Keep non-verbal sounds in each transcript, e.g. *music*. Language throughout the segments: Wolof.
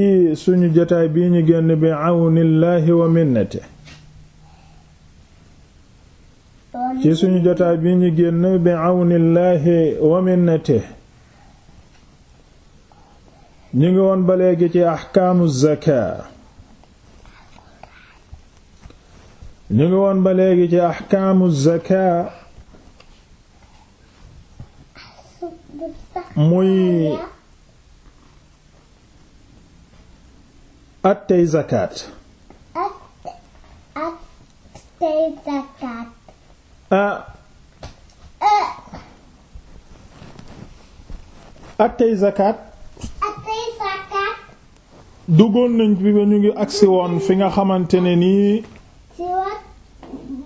ci suñu jotaay bii génn bi suñu jotaay bii ñu génn bi àwnillaahi wa minnate ñu ngi woon ba léegi ci axkaamu ngi woon ba léegi zakaa muy attey zakat attey zakat duggoon nañ bi ba ñu ngi agsi woon fi nga xamante nii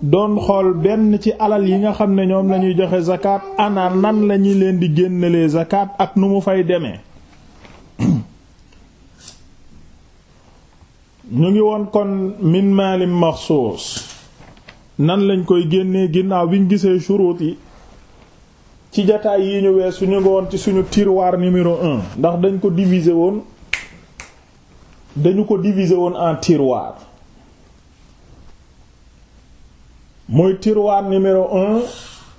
doon xool benn ci alal yi nga xam ne ñoom lañuy joxe zakat ana nan lañuy leen di génnalee zakat ak nu mu fay demee ñu ngi woon kon min maalim maxsuus nan lañ koy génnee ginnaaw biñ gisee churut yi ci jataay yi ñu wees suñu ngi woon ci suñu tirwaar numéro un ndax dañ ko divise woon dañu ko diviser woon en tiroir muy tirwaar numéro un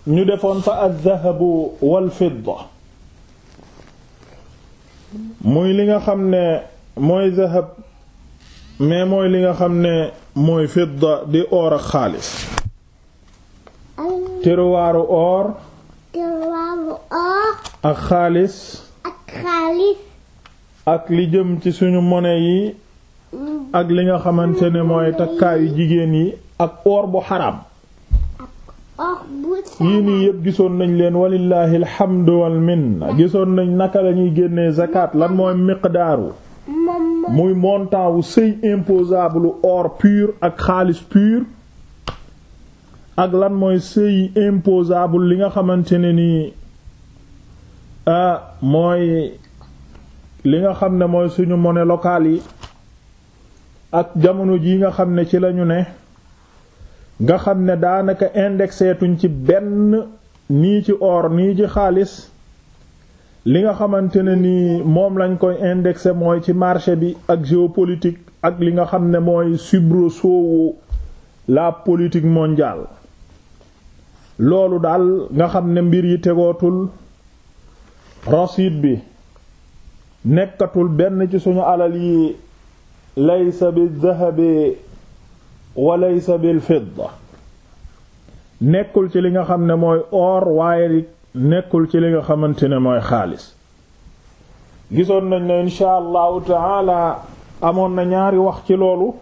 ñu defoon fa aldahabu walfidda muy li nga xam ne mooy zahab mais mooy li nga xam ne mooy fidda di or ak xaalis tiruwaaru ak xaalis ak li jëm ci suñu monnaie yi mm. ak li nga xamante ne mooy takkaayu jigéen yi ak or bu xaraam yii nii yëpp gisoon nañ leen walillahi alhamdu wal mm. gisoon nañ naka lañuy génnee zakat lan mooy miqdaaru muy montant wu seuil imposable or pur ak xaalis pur ak lan mooy seuil imposable li nga xamante ne nii ah mooy li nga xam ne mooy suñu monnaie locale yi ak jamono ji nga xam ne ci lañu ne nga xam ne daanaka indexeetuñ ci benn nii ci or nii ci xaalis li nga xamante ne nii moom lañ koy indexé mooy ci marché bi ak géopolitique ak li nga xam ne mooy soubresaut la politique mondiale loolu daal nga xam ne mbir yi tegootul rasid bi nekkatul benn ci suñu alal yi laysa bil dahabi wa laysa bil fidda nekkul ci li nga xam ne mooy or waaye nekkul ci li nga xamante ne mooy xaalis gisoon nañ ne insha allahu taala amoon na ñaari wax ci loolu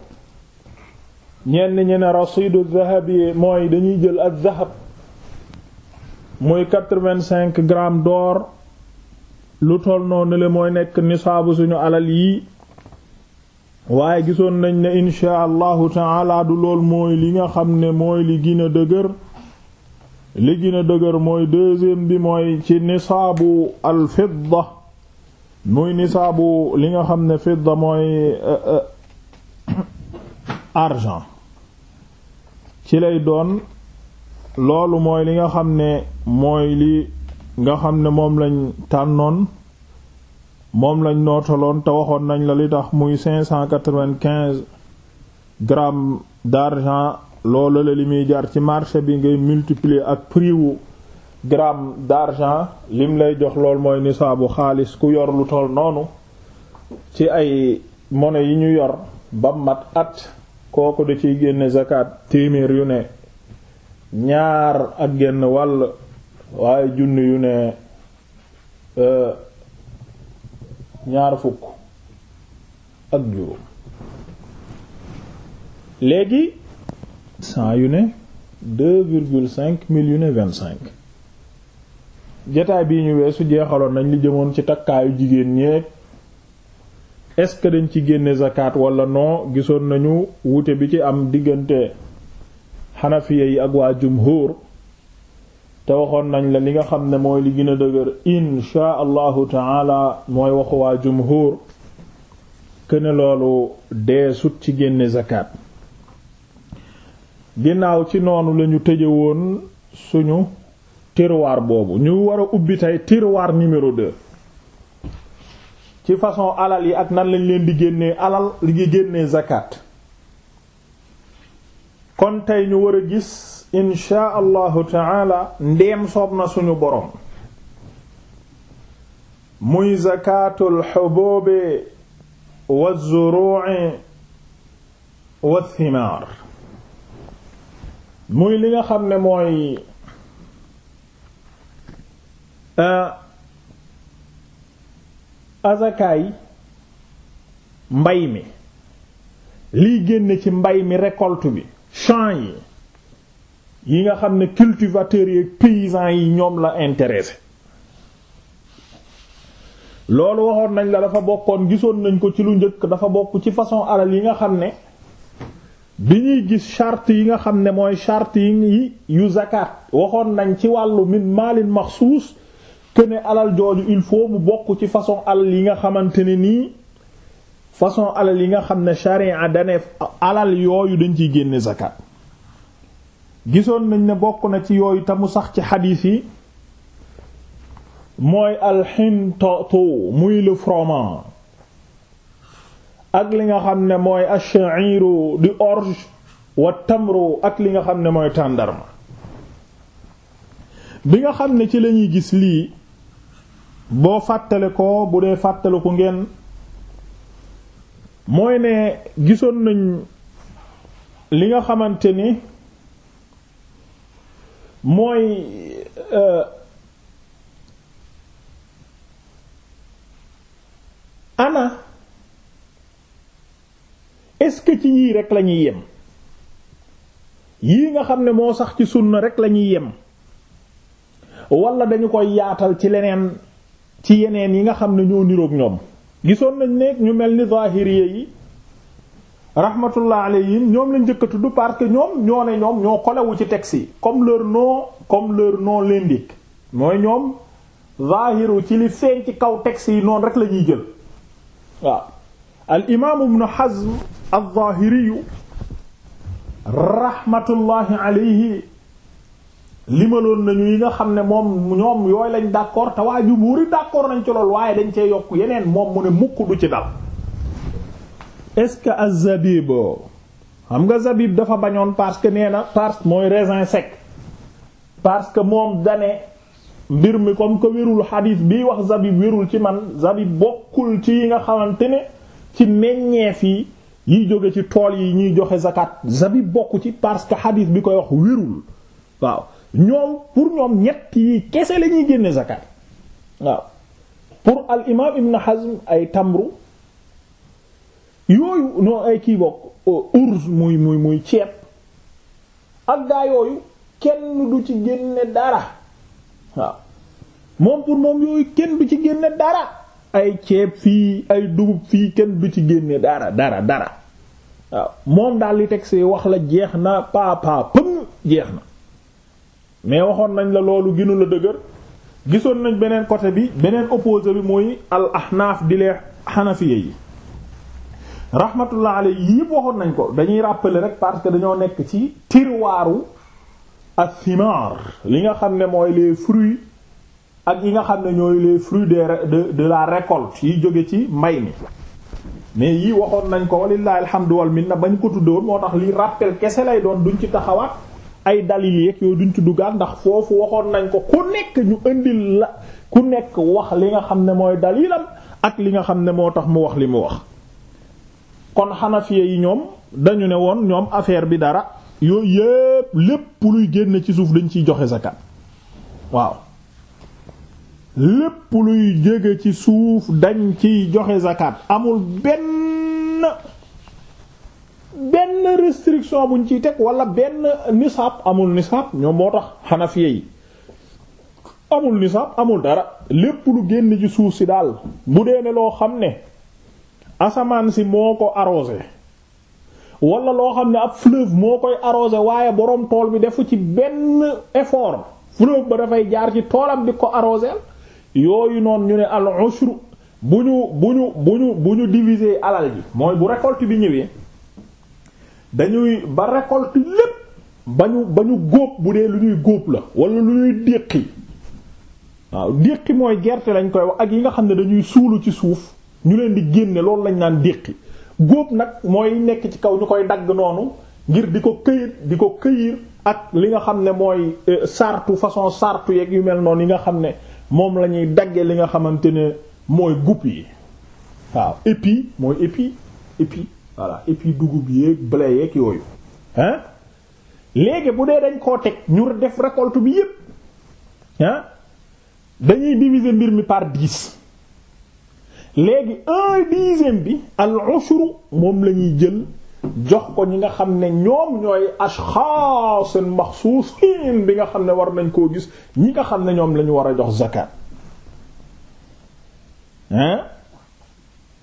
ñenn ñi ne rasidu dahab yi mooy dañuy jël ak dahab muy quatre-vingt-cinq d'or lu toll noonu le mooy nekk nisaabu suñu alal yi waaye gisoon nañ ne insha allahu taala du lool mooy li nga xam ne mooy li gën a dëgër li gën a dëgër mooy deuxième bi mooy ci nisaabu al fidda muy nisaabu li nga xam ne fidda mooy euh, euh, argent ci lay doon loolu mooy li nga xam ne mooy li nga xam ne moom lañ tànnoon moom lañ nootaloon te waxoon nañ la li tax muy cinq cent quatre-vingt-quinze grammes d'argent loolu la li muy jar ci marché bi ngay multiplier ak prix wu gramme d'argent lim lay jox lool mooy bu xaalis ku yor lu toll noonu ci ay monnaie yi ñu yor ba mat at kooku da ciy génne zakat téeméer yu ne ñaar ak genn wàll waaye junni yu ne euh, ñaar fukk léegi cent yu ne deux virgule cinq mille yu ne vingt jataay bii ñu weesu jeexaloon nañ li jëmoon ci takkaayu jigéen ñeeg est-ce que dañ ci génne zakat wala noo gisoon nañu wuute bi ci am diggante xanafiya yi ak waa jumhur te waxoon nañ la li nga xam ne mooy li gën a dëgër inshaa allahu taala mooy waxu waa jumhur këne loolu dee sut ci génne zakat ginnaaw ci noonu lañu tëje woon suñu tiroir boobu ñu war ubbi tey tiroir numéro 2 ci façon alal yi ak nan lañ leen di génnee alal li génnee zakat kon tey ñu war a gis insha allahu taala ndeem soob na suñu boroom muy zakatul xububi wa zuru'i wa thimaar muy li nga xam ne mooy euh, azakaay mbay mi liy génn ci mbay mi récolte bi champs yi nga xam ne cultivateurs yi paysans yi ñoom la intéressé loolu waxoon nañ la dafa bokkoon gisoon nañ ko ci lu njëkk dafa bokk ci façon alal yi nga xam ne bi ñuy gis charte yi nga xam ne mooy charte yi yu zakat waxoon nañ ci wàllu min maalin maxsuus que ne alal jooju il faut mu bokk ci façon alal yi nga xamante ne nii façon alal yi nga xam ne charia dane alal yooyu dañ ciy génne zakat gisoon nañ ne bokk na ci yooyu te mu sax ci xadiis yi mooy alxintoto muy le froment ak li nga xam ne mooy ash-sha'iru di orge wa tamru ak li nga xam ne mooy tàndarma bi nga xam ne ci lañuy gis lii boo fàttale ko bu dee fàttale ko ngeen mooy ne gisoon nañ li nga xamante ni mooy euh, ana est-ce que ci yii rek lañuy yem yii nga xam ne moo sax ci sunna rek lañuy yem wala dañu koy yaatal ci leneen ci yeneen yi nga xam ne ñoo niroog ñoom gisoon nañ ne ñu mel ni zahiriya yi rahmatullah alayhim ñoom lañ njëkk du tudd parce que ñoom ñoo ne ñoom ñoo kolewu ci texte yi comme leur nom comme leur nom l'indique mooy ñoom zahiru ci li feeñ ci kaw texte yi noonu rek la ñuy jël waaw al imam ibn az-Zahiri rahmatullahi alayhi limaloon nañu yi nga xam ne moom ñoom yooyu lañ d'accord te waa jumhuur yi d'accord nañ ci loolu waaye dañ cee yokk yeneen moom mu ne mukk du ci dal est-ce que az-zabib xam nga zabib dafa bañoon parce que nee na parce mooy raisin sec parce que moom dane mbir mi comme que wérul xadiis bi wax zabib wérul ci man zabib bokkul ci yi nga xamante ne ci meññeef yi yiy jóge ci tool yi ñuy joxe zakat zabib bokk ci parce que hadith bi koy wax wérul waaw ñoom pour ñoom ñett yi kese lañuy génne zakat waaw pour al imam ibn Hazm ay tamru yooyu non ay kii bokk euh, urs muy muy ceeb ak yooyu kenn du ci génne dara waaw moom pour moom yooyu kenn du ci génne dara ay ceeb fii ay dugub fii kenn bi ci génne dara dara dara waaw moom daal li teg si wax la jeex na paa paa pëm jeex na mais waxoon nañ la loolu gënu la dëgër gisoon nañ beneen côté bi beneen opposé bi mooy al ahnaaf di lee xanafiye yi rahmatullah alay yi yëpp waxoon nañ ko dañuy rappeler rek parce que dañoo nekk ci tiroiru as-simaar li nga xam ne mooy les fruits ak yi nga xam ne ñooy les fruits de de la récolte yi jóge ci may mi mais yii waxoon nañ ko walillahi alhamdu min na bañ ko tuddoon moo tax li rappel kese lay doon duñ ci taxawaat ay dalil yeeg yooyu duñ ci duggaat ndax foofu waxoon nañ ko ku nekk ñu indi la ku nekk wax li nga xam ne mooy dalilam ak li nga xam ne moo tax mu wax li mu wax kon xanafiye yi ñoom dañu ne woon ñoom affaire bi dara yooyu yépp lépp luy génn ci suuf dañ ciy joxe zakat waaw lépp luy jóge ci suuf dañ ciy joxe zakat amul benn benn restriction buñ ciy teg wala benn nisaab amul nisaab ñoom moo tax xanafiye yi amul nisaab amul dara lépp lu génn ci suuf si daal bu dee ne loo xam ne asamaan si moo ko arrosé wala loo xam ne ab fleuve moo koy arrosé waaye boroom tool bi defu ci benn effort fleuve ba dafay jaar ci toolam di ko arrosé yooyu noonu ñu ne al ushru bu ñu bu ñu bu ñu bu ñu diviser alal ji mooy bu récolte bi ñëwee dañuy ba récolte lépp ba ñu ba ñu góob bu dee lu ñuy góob la wala lu ñuy déqi waaw déqi mooy gerte lañ koy wax ak yi nga xam ne dañuy suulu ci suuf ñu leen di génne loolu lañ naan déqi góob nag mooy nekk ci kaw ñu koy dagg noonu ngir di ko këyir di ko këyir ak li nga xam ne mooy euh, sartu façon sartu yeeg yu mel noonu yi nga xam ne moom la ñuy dagge li nga xamante ne mooy gupp yi waaw épi mooy épi épi voilà épi dugub yeeg blé yeeg yooyu hein léegi bu dee dañ koo teg ñu def récolte bi yépp hein dañuy diviser mbir mi par dix léegi un dixième bi al ushru moom la ñuy jël jox ko ñi nga xam ne ñoom ñooy ashxaas maxsuusin bi nga xam ne war nañ koo gis ñi nga xam ne ñoom lañu war a jox zakat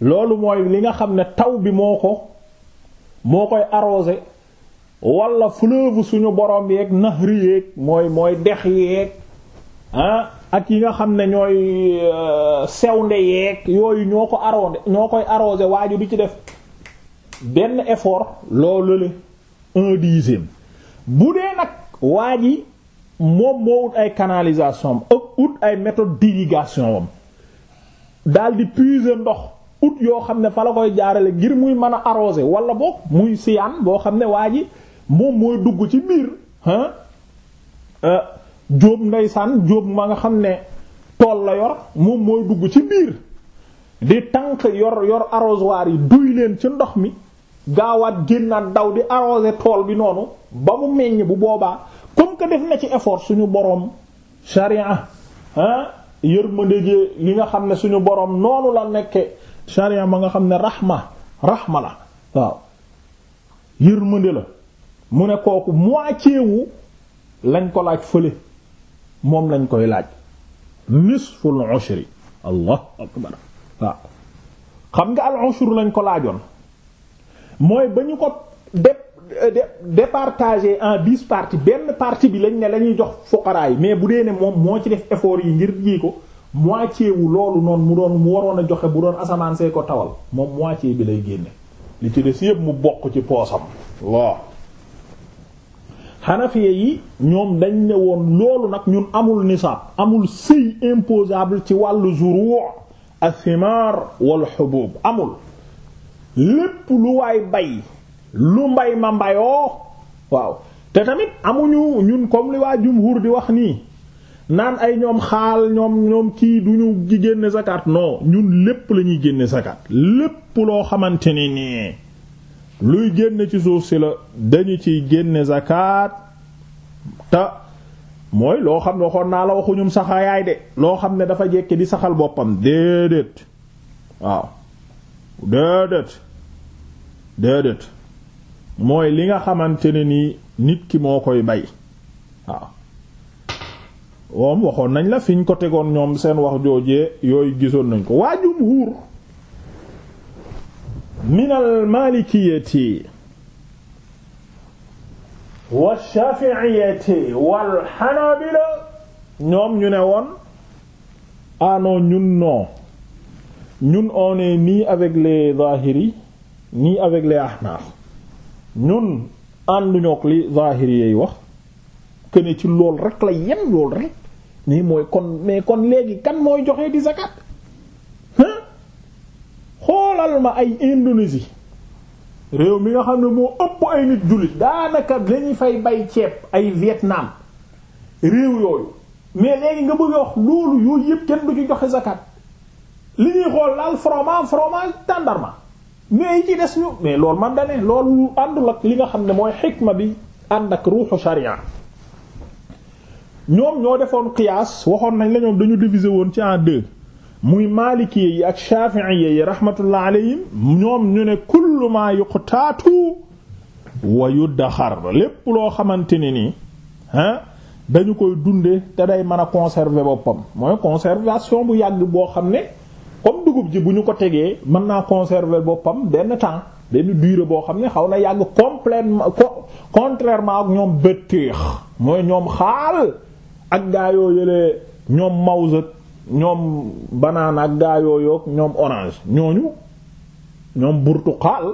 loolu mooy li nga xam ne taw bi moo ko moo koy arrosé wala fleuve suñu borom yeeg nahri yeeg mooy mooy dex yeeg ah ak yi nga xam ne ñooy euh, sewnde yeeg yooyu ñoo ko arrosé ñoo koy arrosé waaju du ci def benn effort loolu la un dixième bu dee nag waa yi moom moo ut ay canalisation am ak ut ay méthode d'irrigation am daal di puiser ndox ut yoo xam ne fa la koy jaarale ngir muy mën a arroser wala boog muy siyaan boo xam ne waa ji moom mooy dugg ci biir ah jóob ndeysaan jóob ma nga xam ne tool la yor moom mooy dugg ci biir di tànk yor yor waar yi duy leen ci ndox mi gaawaat génnaat daw di arroser tool bi noonu ba mu meññ bu boobaa comme que def na ci effort suñu boroom sharia ah yërmande gi li nga xam ne suñu boroom noonu la nekke sharia ma nga xam ne rahma rahma la waaw yërmande la mu ne kooku moitié wu lañ ko laaj fële moom lañ koy laaj nisful ushri allah akbar waaw xam nga al ushru lañ ko laajoon mooy ba ñu ko dé euh, départager en dix parties benn partie bi lañ ne la jox fuqaraa yi mais bu dee ne moom moo ci def effort yi ngir ji ko moitié wu loolu noonu mu doon mu waroon a joxe bu doon asamaan see ko tawal moom moitié bi lay génne li ci des yëpp mu bokk ci poosam waaw. xanafiye yi ñoom dañ ne woon loolu nag ñun amul nisaab amul seuil imposable ci wàllu zuru' as-simar wal amul. lépp lu waay bay lu mbay ma mbayoo waaw te tamit amuñu ñun comme li waa jumhur di wax nii naan ay ñoom xaal ñoom ñoom kii duñu gi génne zakat non ñun lépp la ñuy génne zakat lépp loo xamante ne nii luy génne ci suuf si la dañu ci génne zakat te mooy loo xam waxoon naa la waxuñum saxayaay de loo xam ne dafa jekke di saxal boppam déedéet waaw déedéet déedéet mooy li nga xamante ni nit ki moo koy bay waaw moom waxoon nañ la fiñ ko tegoon ñoom seen wax joojee yooyu gisoon nañ ko waa jumhuur minal maalikiyati wa shafi'iyati wal hanabila ñoom ñu ne woon ano ah ñun non ñun on est ni avec les zahiri ni avec les ahnaf ñun ànduñoo ak li zahiri yay wax que ci lool rek la yem lool rek nii mooy kon mais kon léegi kan mooy joxe di zakat xoolal ma ay Indonésie réew mi nga xam ne moo ëpp ay nit jullit daanaka dañuy fay bay ceeb ay Vietnam réew yooyu mais léegi nga bëgg a wax loolu yooyu yëpp kenn du ci joxe zakat li ñuy xool daal fromage fromage tàndarma mais yi ci des ñu mais loolu man da ne loolu àndul ak li nga xam ne mooy xikma bi ànd ak ruuxu sharia ñoom ñoo defoon qiyaas waxoon nañ la ñoom dañu diviser woon ci en deux muy maalikee yi ak shafi'iyye yi rahmatullah alayhim ñoom ñu ne kullu ma taatu wa yuddaxar lépp loo xamante ne nii ah dañu koy dunde te day mën a conserver boppam mooy conservation bu yàgg boo xam ne comme dugub ji bu ñu ko tegee mën naa conserver boppam benn temps benn durée boo xam ne xaw na yàgg complètement contrairement ak ñoom bëttéex mooy ñoom xaal ak gaa yoo yëlee ñoom mawse ñoom banaana ak gaa yoo ñoom orange ñooñu ñoom burtukaal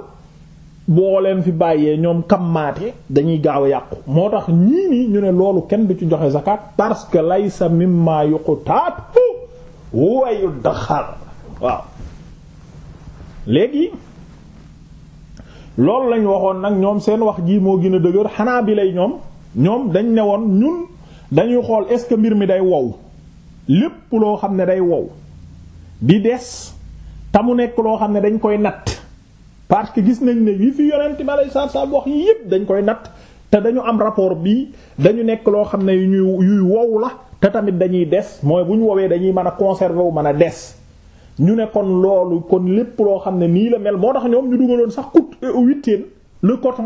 boo leen fi bàyyee ñoom kammaate dañuy gaaw yàqu moo tax ñii nii ñu ne loolu kenn du ci joxe zakat parce que lay sa mimma yuqutaat wayu daxar waaw léegi loolu lañ waxoon nag ñoom seen wax jii moo gën a dëgër xanaa bi lay ñoom ñoom dañ ne woon ñun dañuy xool est-ce que mbir mi day wow lépp loo xam ne day wow di des te mu nekk loo xam ne dañ koy natt parce que gis nañ ne yi fi yonent ma lay saab saab wax yi yépp dañ koy natt te dañu am rapport bii dañu nekk loo xam ne yu ñuy yuy wow la te tamit dañuy des mooy bu ñu wowee dañuy mën a conserver wu mën a des ñu ne kon loolu kon lépp loo xam ne nii la mel moo tax ñoom ñu dugaloon sax coûte euh, huitaine le coton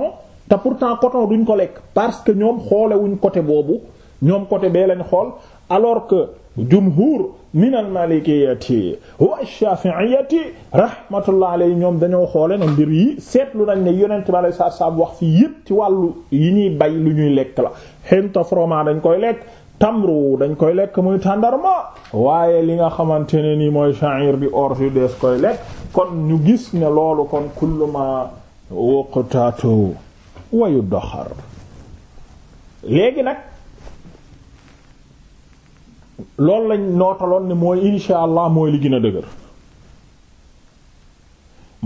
te pourtant coton duñ ko lekk parce que ñoom xoolewuñ côté boobu ñoom côté bee lañ xool alors que jumhur min al malikiyati wa shafi'iyati rahmatullah alayhi ñoom dañoo xoole ne mbir yi seetlu nañ ne yonent bi alei satu salaam wax fi yépp ci wàllu yi ñuy bay lu ñuy lekk la xenta froment dañ koy lekk tamru dañ koy lekk muy tàndarma waaye li nga xamante ne ni mooy sha'ir bi orge des koy lekk kon ñu gis ne loolu kon kulluma woqtato wayu doxar léegi nag loolu lañ nootaloon ni mooy insha allah mooy li gën a dëgër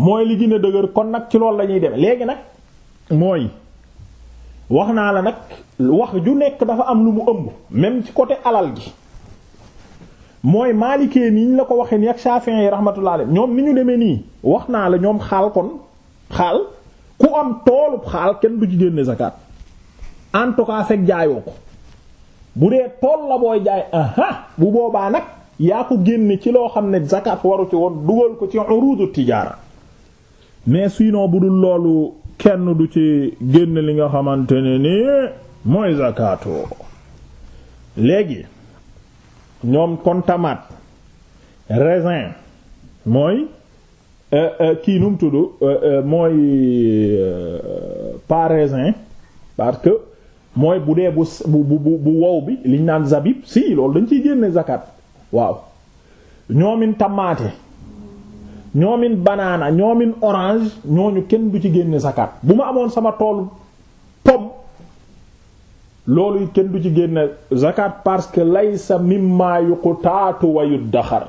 mooy li gën dëgër kon nag ci loolu lañuy ñuy léegi nag mooy wax naa la nag wax ju nekk dafa am lu mu ëmb même ci côté alal gi mooy maalikee ni ñu la ko waxee ni ak Shafi'i yi rahmatullah ñoom ni ñu demee nii wax naa la ñoom xaal kon xaal ku am toolub xaal kenn du ci génne zakat en tout cas fekk jaayoo ko bu dee tool la booy jaay bu boobaa nag yaa ko génne ci loo xam ne zakat waru ci woon dugal ko ci urudu tijaara mais sinon bu dul loolu kenn du ci génn li nga xamante ne ni mooy zakato léegi ñoom kon tamaat raisin mooy euh, euh, kii num tudd euh, mooy pas raisin parce que mooy bu dee bu bu bu bu wow bi liñ naan zabib si loolu dañ ciy génne zakat waaw ñoomin tamaate ñoomin banaana ñoomin orange ñooñu kenn du ci génne zakat bu ma amoon sama toolu pomme loolu it kenn du ci génne zakat parce que lay laysa mimma yuqtaatu wa yuddaxar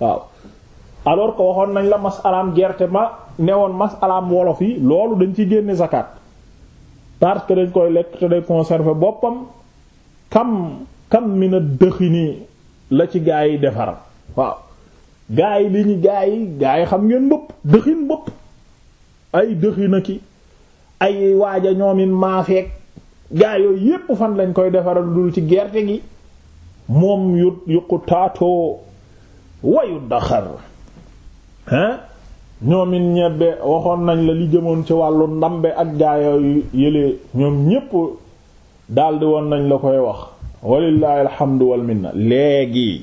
waaw alors que waxoon nañ la masalaam gerte ma newoon masalaam wolof yi loolu dañ ciy génne zakat parce que dañ koy lekk te day conserver boppam kam kam mina dëxini la ci gaa yi defar waaw gaa yi li ñu gaa yi gaa xam ngeen mbëpp dëxin mbëpp ay dëxina ki ay waaja ñoomin maafeek gaa yooyu yépp fan lañ koy defaral dul ci gerte gi moom yu yuqu taatoo wayu daxar hein ñoomin ñebbe waxoon nañ la li jëmoon ci wàllu ndambe ak gaa yooyu yëlee ñoom ñépp daldi woon nañ la koy wax walillahi alhamdu wal minna léegi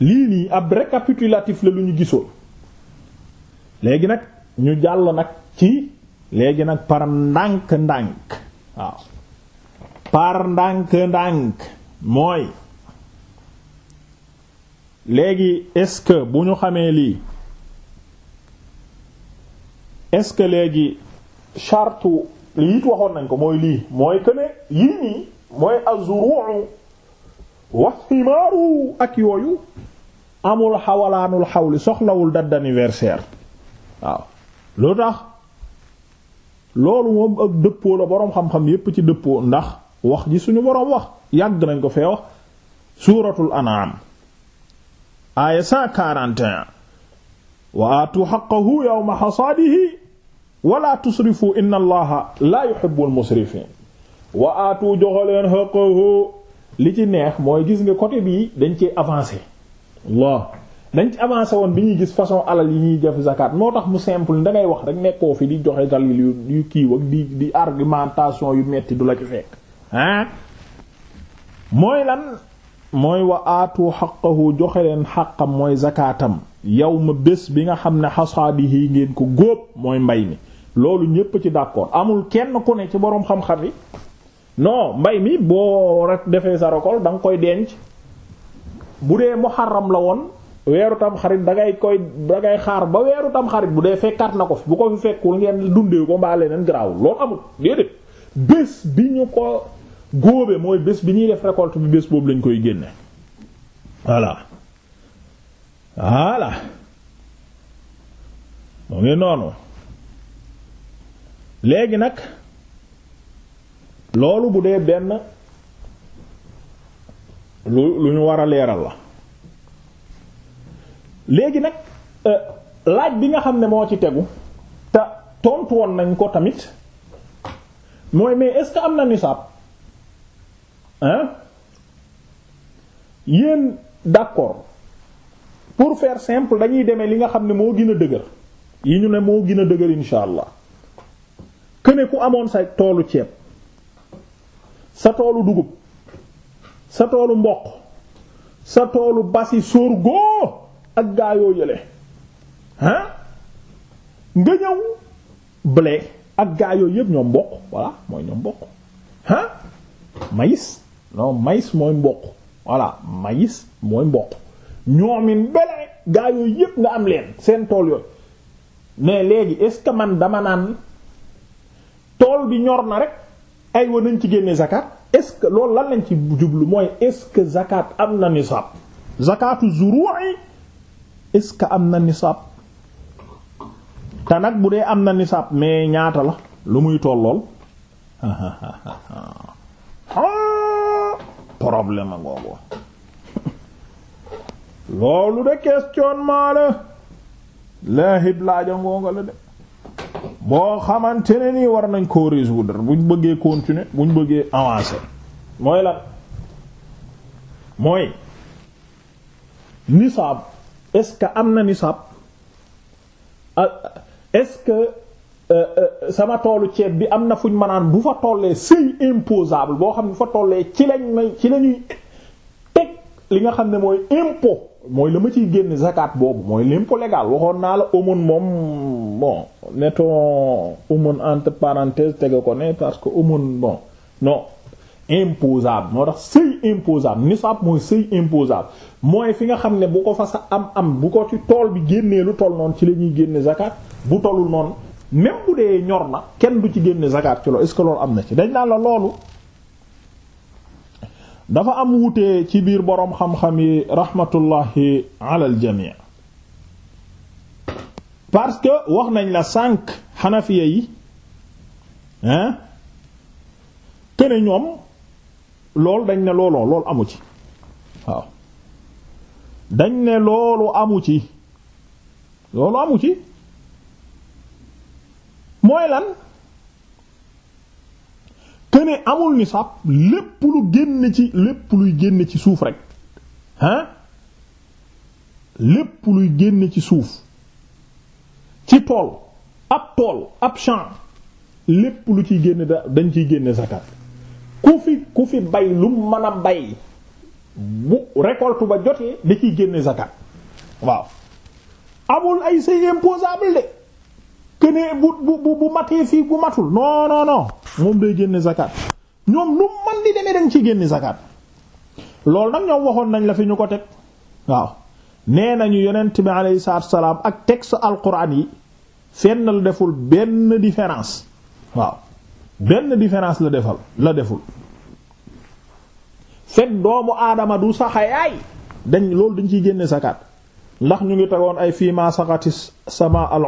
lii nii ab récapitulatif la lu ñu gisoon léegi nag ñu jàll nag ci léegi nag par ndànk-ndànk waaw ndànk-ndànk mooy léegi est bu ñu xamee lii est-ce que léegi charte lii it waxoon nañ ko mooy lii mooy que yii nii mooy azru'u wa himaaru ak yooyu amul xawalaanul xawli soxlawul date d'anniversaire waaw lu tax loolu moom ak dëppoo la boroom xam-xam yépp ci dëppoo ndax wax ji suñu boroom wax yàgg nañ ko fee wax suuratul anaam aaya 141 wa aatu xaqahu yawma xasaadihi wala tusrifu inna allaha la yuhibbul musrifin wa aatu joxaleen xaqahu li ci neex mooy gis nga côté bii dañ ci avancé Allah dañ ci avancé woon bi ñuy gis façon alal yi ñuy def zakat moo tax mu simple da ngay wax rek nekkoo fi di joxe dalil yu yu kiiw ak di di argumentation yu metti du la ci fekk ah mooy lan mooy wax aatu xaqahu joxe leen xaqam mooy zakaatam yow ma bés bi nga xam ne xasaabihi ngeen ko góob mooy mbay mi loolu ñépp ci d'accord amul kenn ku ne ci boroom xam-xam yi non mbay mi boo rek defee sa récolte da nga koy denc bu dee muharram la woon weeru tam xarit da ngay koy da xaar ba weeru tam xarit bu dee fekkaat na ko fi bu ko fi fekkul ngeen dundee ko mbaa leneen garaawul loolu amul déedéet bés bi ñu ko góobe mooy bés bi ñuy def récolte bi bés boobu lañ koy génne voilà voilà mu ngi noonu léegi nag loolu bu dee benn lu lu ñu war a leeral la léegi nag euh, laaj bi nga xam ne moo ci tegu te tontu woon nañ ko tamit mooy mais est-ce que am na nisaab hein yéen d'accord pour faire simple dañuy deme li nga xam ne moo gin a dëgër yi ñu ne moo gin a dëgër insha allah ku amoon sa toolu ceeb sa toolu dugub sa toolu mboq sa toolu basi sorgho ak gaa yële ah nga ñëw blé ak gaa yooyu yëpp ñoom mboq voilà mooy ñoom mboq ah maïs non maïs mooy mboq voilà maïs mooy mboq ñoomin blé gaa yëpp nga am leen seen tool yooyu mais léegi est-ce que man dama naan tool bi ñor na rek ay wa nañ ci génne zakat est-ce que loolu lan lañ ci jublu mooy est-ce que zakat am na nisaab zakatu zuru'i est-ce que am na nisaab te nag bu dee am na nisaab mais ñaata la lu muy tollool *laughs* ah, problème a ngoongoo *laughs* loolu de questionnement la laa laaja ngoonga la de boo xamante ne nii war nañ koo bu ñu bëggee continuer buñ bëggee avancer mooy la mooy nisaab est-ce que am na nisaab ah, est-ce que euh, euh, sama toolu ceeb bi am na fuñ naan bu fa tollee seuil imposable boo xam ne bu fa tollee ci lañ may ci lañuy li nga xam ne mooy impôt mooy la ma ciy génne zakat boobu mooy l'impôt légal waxoon naa la aumône moom bon mettons aumône entre parenthèses tege ko ne parce que aumône bon non imposable moo tax sëy imposable nisab mooy sëy imposable mooy fi nga xam ne bu ko fa sa am am bu ko ci tool bi génnee lu toll noonu ci la ñuy génne zakat bu tolul noonu même dee ñor na kenn du ci génne zakat ci loolu est loolu am na ci dañ naan la loolu dafa am wuute ci biir boroom xam-xam yi raxmatullahi alal jamii parce que wax nañ la cinq xanafiya yi hein këne ñoom loolu dañ ne looloo loolu amu ci waaw dañ ne loolu amu ci loolu amu ci mooy lan këne amul nisaab lépp lu génn ci lépp luy génne ci suuf rek ah lépp luy génn ci suuf ci tool ab tool ab chant lépp lu ci génn da dañ ciy génne zakat ku fi ku fi bay lu mën a bay bu récolte ba jotee da ciy génne zakat waaw amul ay c'est imposable de kënee bu bu bu matee fii bu matul non non non moom day génne zakat ñoom nu man di demee dañ ci génne zakat loolu nag ñoom waxoon nañ la fi ñu ko teg waaw nee nañu yonent bi alayhi salaatu salaam ak teg sa alquran yi fenn la deful benn différence waaw benn différence la defal la deful fet doomu aadama du saxayaay dañ loolu dañ ciy génne zakat ndax ñu ngi tegoon ay fiima saxatis sama al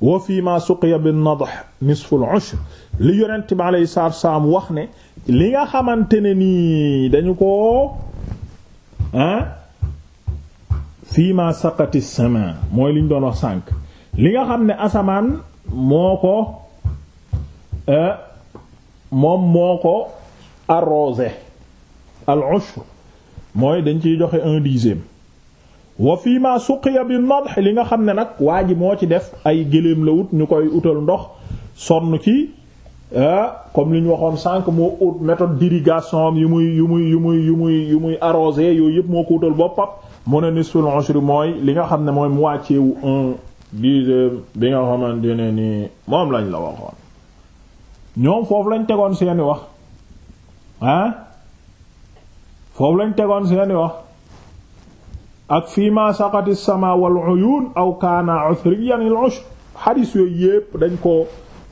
wa fii ma suqiya bin nadh nisful ushr li yonent bi alayhi salaatu wax ne li nga xamante ne nii dañu ko ah fii ma saqati sama mooy liñ doon wax sànq li nga xam ne asamaan moo ko euh, moom moo ko arrosé al mooy dañ ciy joxe un dixième wa fii ma suqiya bi nadh li nga xam ne nag waa ji moo ci def ay gëléem la wut ñu koy utal ndox sonn ci ah, comme li ñu waxoon sànq moo ut méthode d'irrigation yu muy yu muy yu muy muy yu muy arrosé yooyu yëpp moo ko utal boppam mu ne nisful ushri mooy li nga xam ne mooy moitié wu un dixième bi nga xamante ne ni moom lañ la waxoon ñoom foofu lañ tegoon seeni wax ah foofu lañ tegoon seeni wax ak fii ma saqati sama wal uyun aw kaana uthriyan al ushr xadis yooyu yépp dañ ko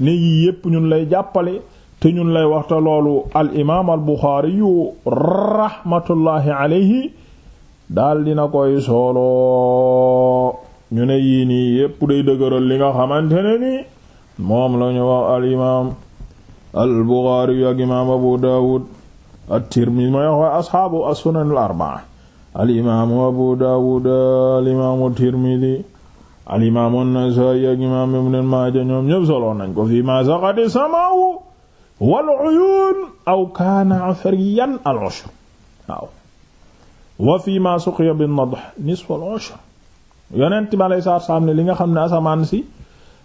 ne yi yépp ñun lay jàppale te ñun lay waxta loolu al imaam al buxaari yu dina koy solo ñu ne yii nii yépp day dëgëral li nga xamante ne ni moom la wax al imaam ak imaam abu daawud at mooy wax asxaabu as arba'a alimaamu abu daawud alimaamu tirmidi alimaamu nasaa'i ak imaam ibn maaja ñoom ñépp soloon nañ ko fii ma saqati samaawu wal uyuun aw kaana afriyan al ushr waaw wa fii ma suqiya bin nadh nisf al ushr yonent ma lay saar saam ne li nga xam ne asamaan si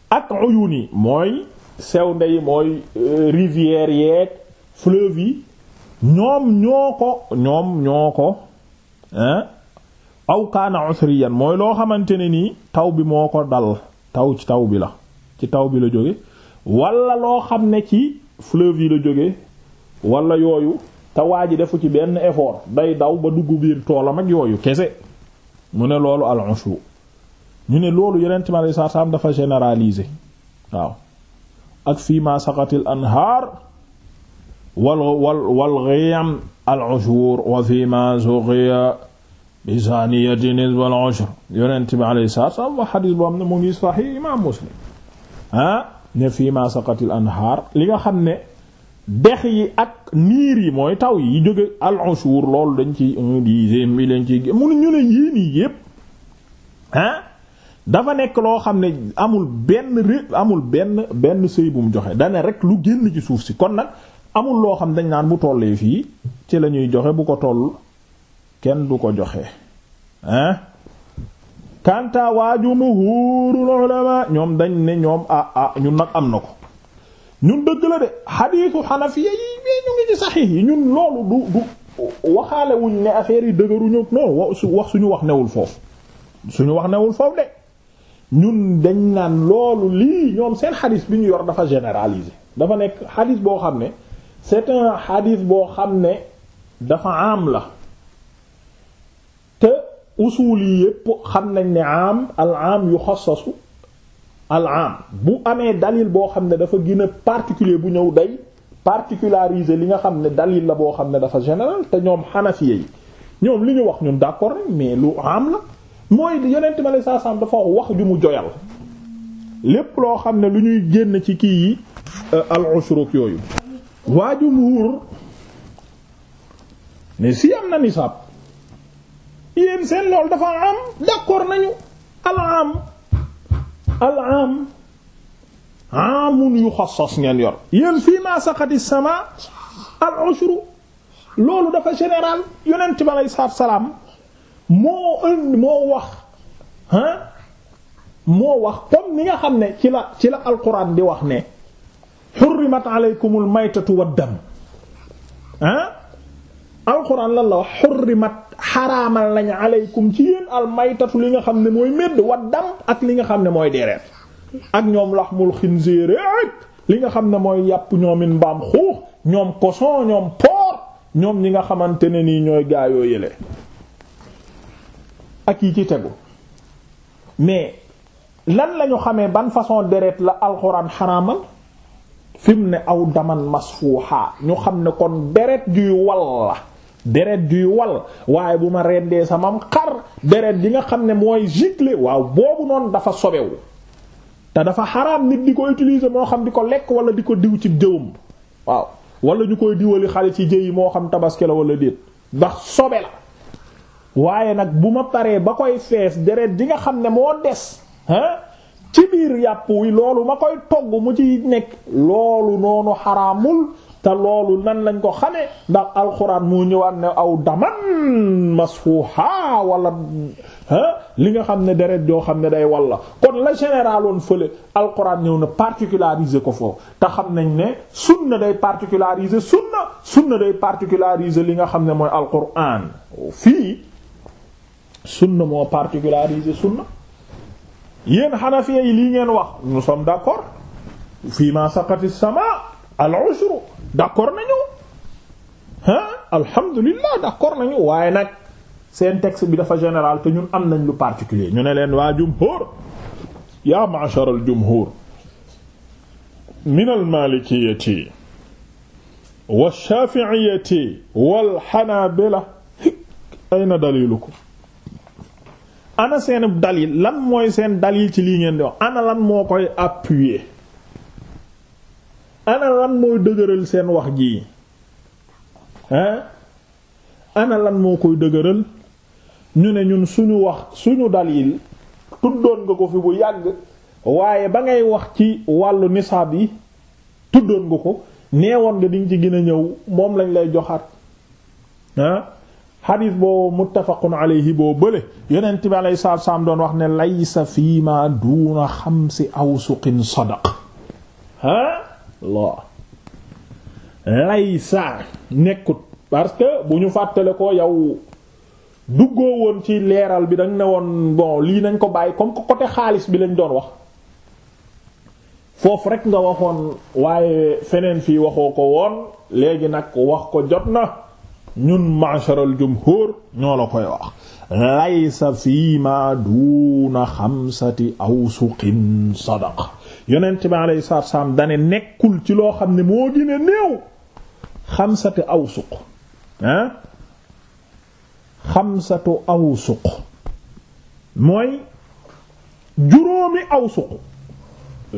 ak uyuun yi mooy sew ndey mooy euh, rivière yeeg fleuve yi ñoom ñoo ko ñoom ñoo ko aw kaana mooy loo xamante ne nii taw bi moo ko dal taw ci taw bi la ci taw bi la jóge wala loo xam ne ci fleuve yi la jóge walla yooyu te waa ji defu ci benn effort day daw ba dugg biir toolam ak yooyu kese mu ne loolu al ushu ñu ne loolu yeneen ma lay sa sam dafa généraliser waaw ak fii ma saqatil anhaar wal wal wal ghiyam al ushur wa fi ma zughiya bi zaniyatin wal ushur yonent bi alayhi salaam wax xadiis boo xam ne mu ngi sahih imaam muslim ah ne fi ma saqatil anhaar li nga xam ne dex yi ak niir yi mooy taw yi jóge al ushur loolu dañ ci un dixième bi lañ ci mun ñu ne yii nii yépp ah dafa nekk loo xam ne amul benn ré amul benn benn sëy bu mu joxe dane rek lu génn ci suuf si kon nag amul loo xam dañ naan bu tollee fii ci la ñuy joxe bu ko toll kenn du ko joxe hein kanta waa jumhuurul ulama ñoom dañ ne ñoom a ah, ah ñun nag am na ko ñun dëgg la de xadiisu xanafiya yi mais ñu ngi ci saxiix yi ñun loolu du du waxaale wuñ ne affaire yi dëgëruñu non wax su ñu wax newul foofu suñu wax newul foofu de ñun dañ naan loolu lii ñoom seen xadiis bi ñu yor dafa généraliser dafa nekk xadiis boo xam ne c'est un hadith boo xam ne dafa am la te usul yi yépp xam nañ ne am al am yu xasasu al am bu amee dalil boo xam ne dafa gën a particulier bu ñëw day particulariser li nga xam ne dalil la boo xam ne dafa général te ñoom xanafiye yi ñoom li ñu wax ñun d'accord mais lu am la mooy yonent ma la saa dafa wax ju mu joyal lépp loo xam ne lu ñuy génn ci kii yi euh, al ushruk yooyu waa jumhur ne si am na nisaab yéen seen lool dafa am d'accord nañu alaam alaam amun yu xasas ngeen yor yéen fii ma saqati sama al ushru loolu dafa général yonent bi aleyhi salaatu salaam moo ënd moo wax ah moo wax comme ni nga xam ne ci la ci la alquran di wax ne xurrimat aleykumul maytatu wad dam ah alxuraan lan la wax xurrimat xaraamal nañ aleykum ci yéen al maytatu li nga xam ne mooy medd wad ak li nga xam ne mooy dereet ak ñoom laxmul xinziir li nga xam ne mooy yàpp ñoomin mbaam xuux ñoom cochon ñoom porc ñoom ñi nga xamante ne nii ñooy gaayoo yële ak yi ci tegu mais lan lañu xamee ban façon deret la alxuraan xaraamal fi mu ne aw daman masfuuxa ñu xam ne kon deret juy wal la deret juy wal waaye bu ma rendee samam xar deret ji nga xam ne mooy gicle waaw boobu noonu dafa sobewu te dafa xaram nit di ko utiliser moo xam di ko lekk wala di ko diw ci jëwum waaw wala ñu koy diwali xale ci jëy yi moo xam tabaski la wala déet ndax sobe la waaye nag bu ma paree ba koy fees deret ji nga xam ne moo des hein ci biir yàpp wi loolu ma koy togg mu ci nekk loolu noonu xaraamul te loolu nan lañ ko xamee ndax alxuraan mu ñëwaat ne aw daman masfuha wala li nga xam ne deret joo xam ne day walla kon la général woon fële alxuraan ñëw na particulariser ko foofu te xam nañ ne sunna day particulariser sunna sunna day particulariser li nga xam ne mooy alxuraan fii sunna moo particulariser sunna yéen xanafiya yi lii ngeen wax nous sommes d'accord fii ma saqati sama al ushru d'accord nañu ah alhamdulillah d'accord nañu waaye nag seen texte bi dafa général te ñun am nañ lu particulier ñu ne leen waa jumhur yaa ma'shar al jumhur min al malikiyati wa shafi'iyati wal hanabila ayna dalilukum ana seen dalil lan mooy seen dalil ci lii ngeen di wax ana lan moo koy appuyer ana lan mooy dëgëral seen wax jii hein moo koy dëgëral ñu ne ñun suñu wax suñu dalil tuddoon nga ko fi bu yàgg waaye ba ngay wax ci wàllu nisaab yi tuddoon nga ko neewoon nga diñ ci gën a ñëw moom lañ lay joxaat xadis boo muttafaqun alayhi boo bële yonent bi alayhi salaatu salaam doon wax ne laysa fii ma duuna xamsi awsuqin sadaq ah laa laysa nekkut parce que bu ñu fàttale ko yow duggoo woon ci leeral bi dañ ne woon bon lii nañ ko bàyyi comme que côté xaalis bi lañ doon wax foofu rekk nga waxoon waaye feneen fii waxoo ko woon léegi nag wax ko jot na ñun masharal jumhur ñoo la koy wax laysa fii ma duuna xamsati awsuqin sadaqa yonent bi alayhi salaatu salaam nekkul ci loo xam ne moo gën a néew xamsati awsuq ah xamsatu awsuq mooy juróomi awsuq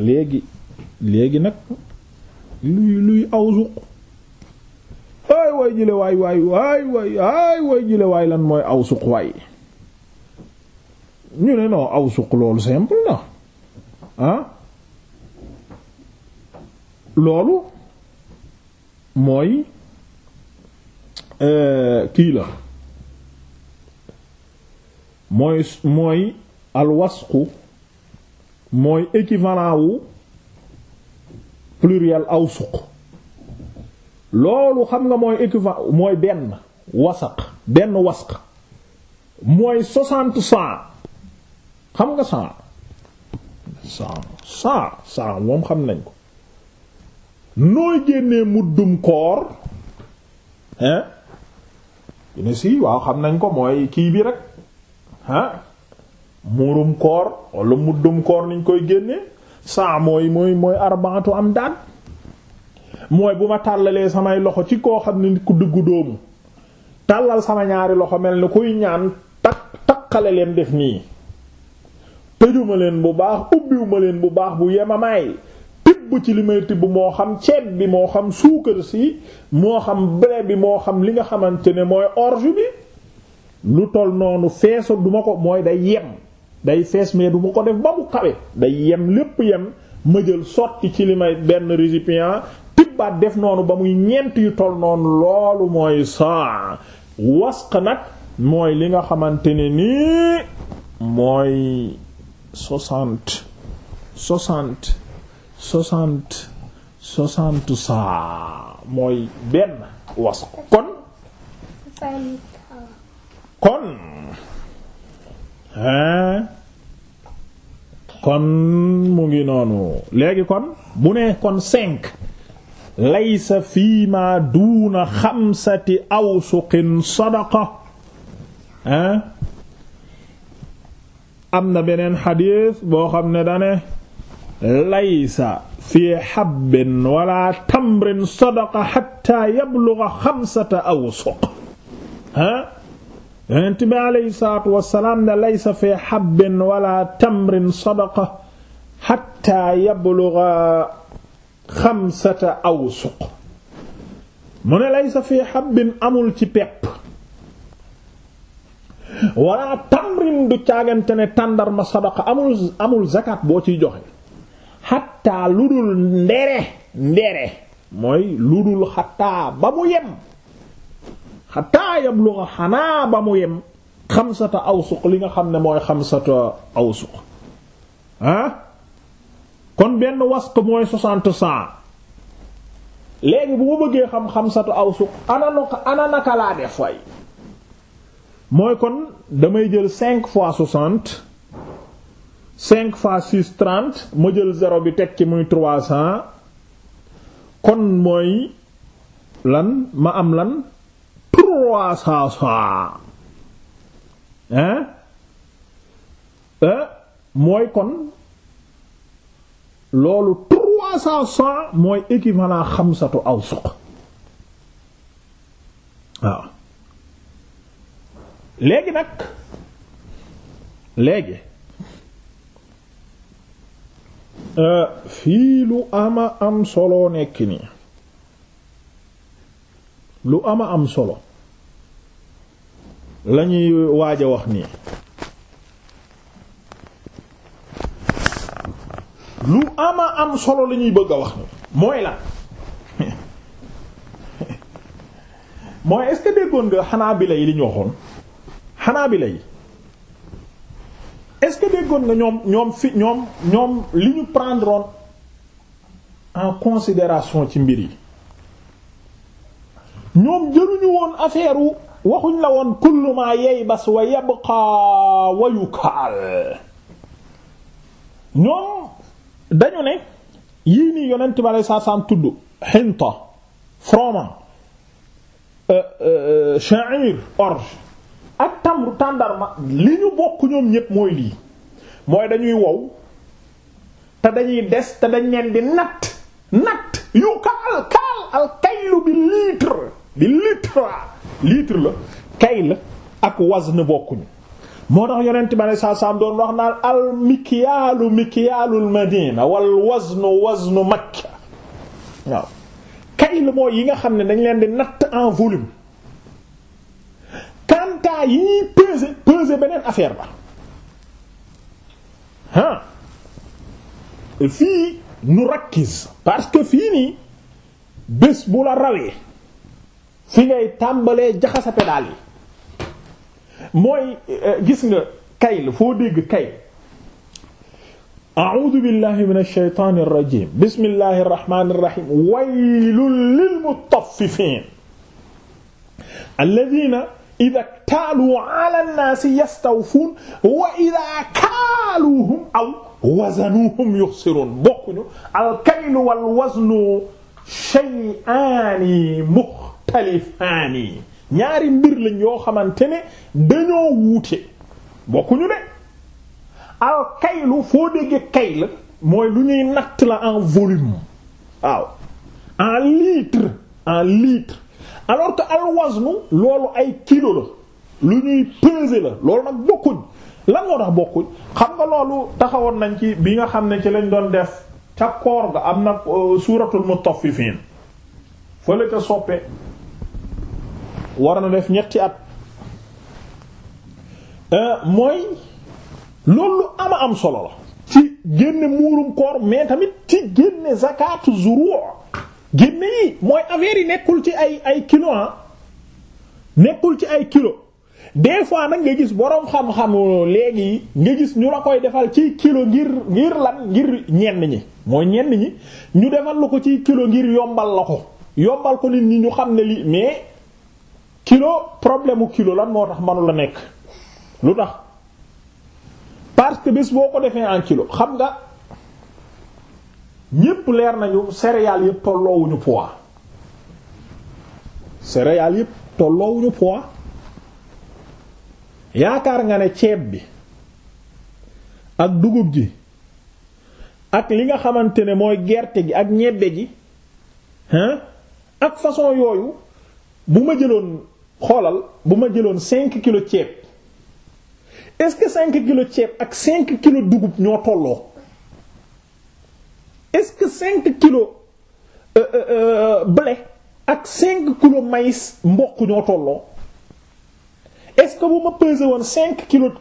léegi léegi nag luy luy awsuq ay waay jile waay waay waay waay jile waay lan mooy aw suq waay ñu ne noo aw suq loolu simple na ah loolu mooy euh, kii la mooy mooy alwasqu mooy équivalent wu pluriel aw suq loolu xam nga mooy équivalent mooy benn wasaq benn wasq mooy soixante cent xam nga san cent cent cent moom xam nañ ko nooy génnee muddum koor hein ne si waaw xam nañ ko mooy kii bi rek ah muurum koor wala muddum koor niñ koy génne cent mooy mooy mooy arbaatu am daal mooy bu ma tàllalee samay loxo ci koo xam ne nit ku doomu tàllal sama ñaari loxo mel ni kuy ñaan tak takkale leen def nii tëjuma leen bu baax ubbiwuma leen bu baax bu yemamaay tibb ci li may tibb moo xam ceeb bi moo xam suukar si moo xam blé bi moo xam li nga xamante ne mooy orge bi lu tol noonu feeso duma ko mooy day yem day fees mais du ma ko def ba mu kawe day yem lépp yem ma jël sotti ci li may benn récipient tibbaat def noonu ba muy ñeent yu toll noonu loolu mooy saa wasq nag mooy li nga xamante ne nii mooy soixante soixante soixante saa mooy benn wasq kon kon hein kon mu ngi noonu léegi kon bu ne kon cinq laysa fii ma duuna xamsati awsuqin sadaqa hein am na beneen xadiis boo xam ne dane laysa fii xabbin wala tamrin sadaqa xatta yabluga xamsata awsuq hein yonent bi alayhi salaatu wassalaam ne laysa fii xabbin wala tamrin sadaqa xatta yabluga xamsata awsuq mu fi habbin amul ci pepp wala tamrin ne tàndarma sadaqa amul amul zakat boo ciy joxe xatta lu dul ndere ndere mooy lu dul xatta ba mu yem xatta yabluga xanaa ba mu yem xamsata awsuq li nga xam ne mooy xamsata awsuq ah kon benn wasq mooy soixante cent léegi bu ma bëggee xam xamsatu awsuq ananaka ananaka laa def way mooy kon damay jël cinq fois soixante cinq fois six trente ma jël zéro bi teg ci muy trois cent kon mooy lan ma am lan trois cent cent hein mooy kon loolu trois cents sa mooy équivalent xamsatu awsuq waaw léegi nag léegi euh, fii lu ama am solo nekk nii lu am a am solo lañuy waaj a wax nii lu ama am solo la ñuy bëgg a wax mooy la mooy est-ce que déggoon nga Hanabila yi li ñu waxoon Hanabila yi est-ce que déggoon nga ñoom ñoom fi ñoom ñoom li ñu prendroon en consideration ci mbir yi ñoom jëluñu woon affaire wu waxuñ la woon kullu ma yaybas wa yabqa wa yukaal ñoom dañu ne yii nii yonent bi aleyhi salaatu salaam tudd xinta froment euh, euh, sha'ir orge ak tamru tàndarma li ñu bokk ñoom ñépp mooy lii mooy dañuy wow te dañuy des te dañ leen di natt natt yu ka alkaal alkaylu bi litre bi litre litre la kayl ak wazn bokkuñu moo tax yonent bi saa saam doon wax naan al mikyaalu mikyaalul madina wal waznu waznu mooy yi nga xam ne dañ leen di natt en volume quant yi ñuy peser peser beneen affaire ba ah fii nu rakkis parce que fii nii bés bu la rawee fi ngay tàmbalee jaxasa pédale yi mooy euh, gis nga kayl foo dégg kay a'uudu billahi min ash-shaytaani ar-rajiim bismillahi ar-rahmaani ar-rahiim waylun lil mutaffifiin alladhiina idhaa ktaaluu 'ala an-naasi yastawfuun wa idhaa kaaluuhum aw wazanuuhum yuxsiruun bokkuñu al-kaylu wal-waznu shay'aani mukhtalifaani ñaari mbir lañ yoo xamante ne dañoo wuute bokkuñu ne al kaylu foo déggee kayl mooy lu ñuy natt la en volume waaw en litre en litre alors que al waznu loolu ay kilo la lu ñuy peser la loolu nag bokkuñ lan moo tax bokkuñ xam nga loolu taxawoon nañ ci bi nga xam ne ci lañ doon def ca koor am na euh, suuratul mutaffifiin fële ca soppe war na def ñetti at euh, mooy loolu lu ama am solo la ci génne muurum koor mais tamit ci génne zakatu zuru génne yi mooy affaire yi nekkul ci ay ay kilo ah nekkul ci ay kilo des fois nag nga gis boroom xam-xamu léegi nga gis ñu la koy defal ci kilo ngir ngir lan ngir ñenn ñi mooy ñenn ñi ñu defal la ko ci kilo ngir yombal la ko yombal ko nit ñi ñu xam ne lii mais kilo problème u kilo lan moo tax manu la nekk lu tax parce que bés boo ko defee en kilo xam nga ñépp leer nañu céréales yépp tolloowuñu poids céréales yépp tolloowuñu poids yaakaar nga ne ceeb bi ak dugub ji ak li nga xamante ne mooy gerte gi ak ñebbe ji hein ak façon yooyu bu ma jëloon xoolal bu ma jëloon cinq kilos ceeb est-ce que cinq kilos ceeb ak cinq kilos dugub ñoo tolloo est-ce que cinq kilos euh, euh, euh blé ak cinq kilos maïs mboq ñoo tolloo est-ce que bu ma peser woon cinq kilos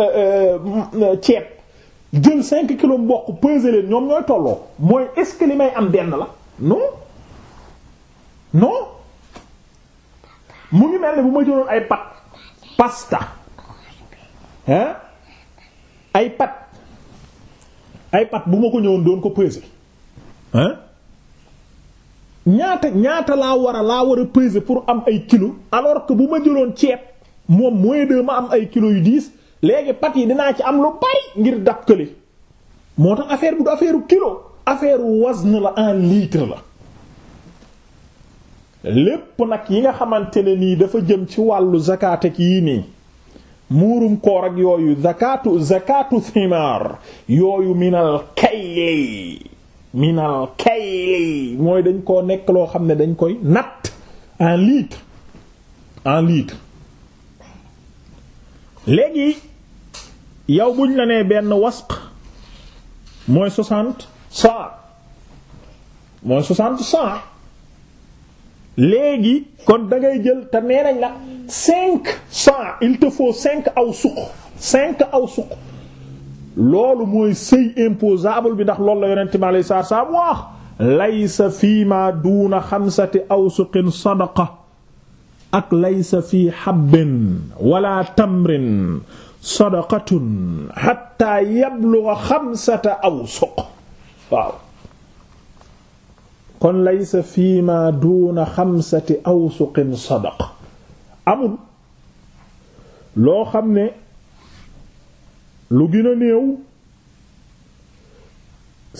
euh, euh, ceeb jël cinq kilos mboq peser leen ñoom ñooy tolloo mooy est-ce que li may am benn la non non. mu ngi mel ne bu ma jëloon ay pat pasta hein ay pat ay pat bu ma ko ñëwoon doon ko peser hein ñaata ñaata laa war a laa war a peser pour am ay kilo alors que bu ma jëloon ceeb moom mooy de ma am ay kilos yu diis léegi pat yi dinaa ci am lu bari ngir dab kële moo tax affaire bu du affaire kilo affaire wazn la en litre la lépp nag yi nga xamante ne nii dafa jëm ci wàllu zakat ak yii nii muurum koor ak yooyu zakatu zakatu thimar yooyu minal kayli minal kayli mooy dañ koo nekk loo xam ne dañ koy natt en litre en litre léegi yow buñ la nee benn wasq mooy soixante sa mooy soixante sa léegi kon da ngay jël te la cinq cent il cinq aw suq aw suq loolu mooy sëy imposable bi ndax loolu la yonent mi alayhi salaatu salaam wax fii ma duuna xamsati awsuqin sadaqa ak laysa fii habbin wala tamrin sadaqatun hatta yablugha xamsata awsuq kon laysa fii ma duuna xamsati awsuqin sadaq amul loo xam ne lu gën a néew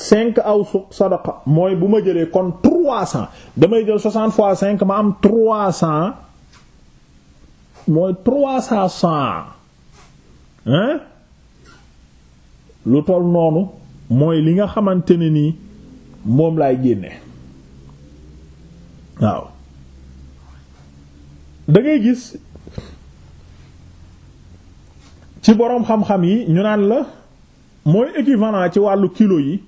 cinq awsuq sadaqa mooy bu ma jëlee kon trois cents damay jël soixante fois cinq ma am trois cents mooy trois cents cent hein lu toll noonu mooy li nga xamante ne nii moom laay génne waaw da ngay gis ci boroom xam-xam yi ñu naan la mooy équivalent ci wàllu kilo yi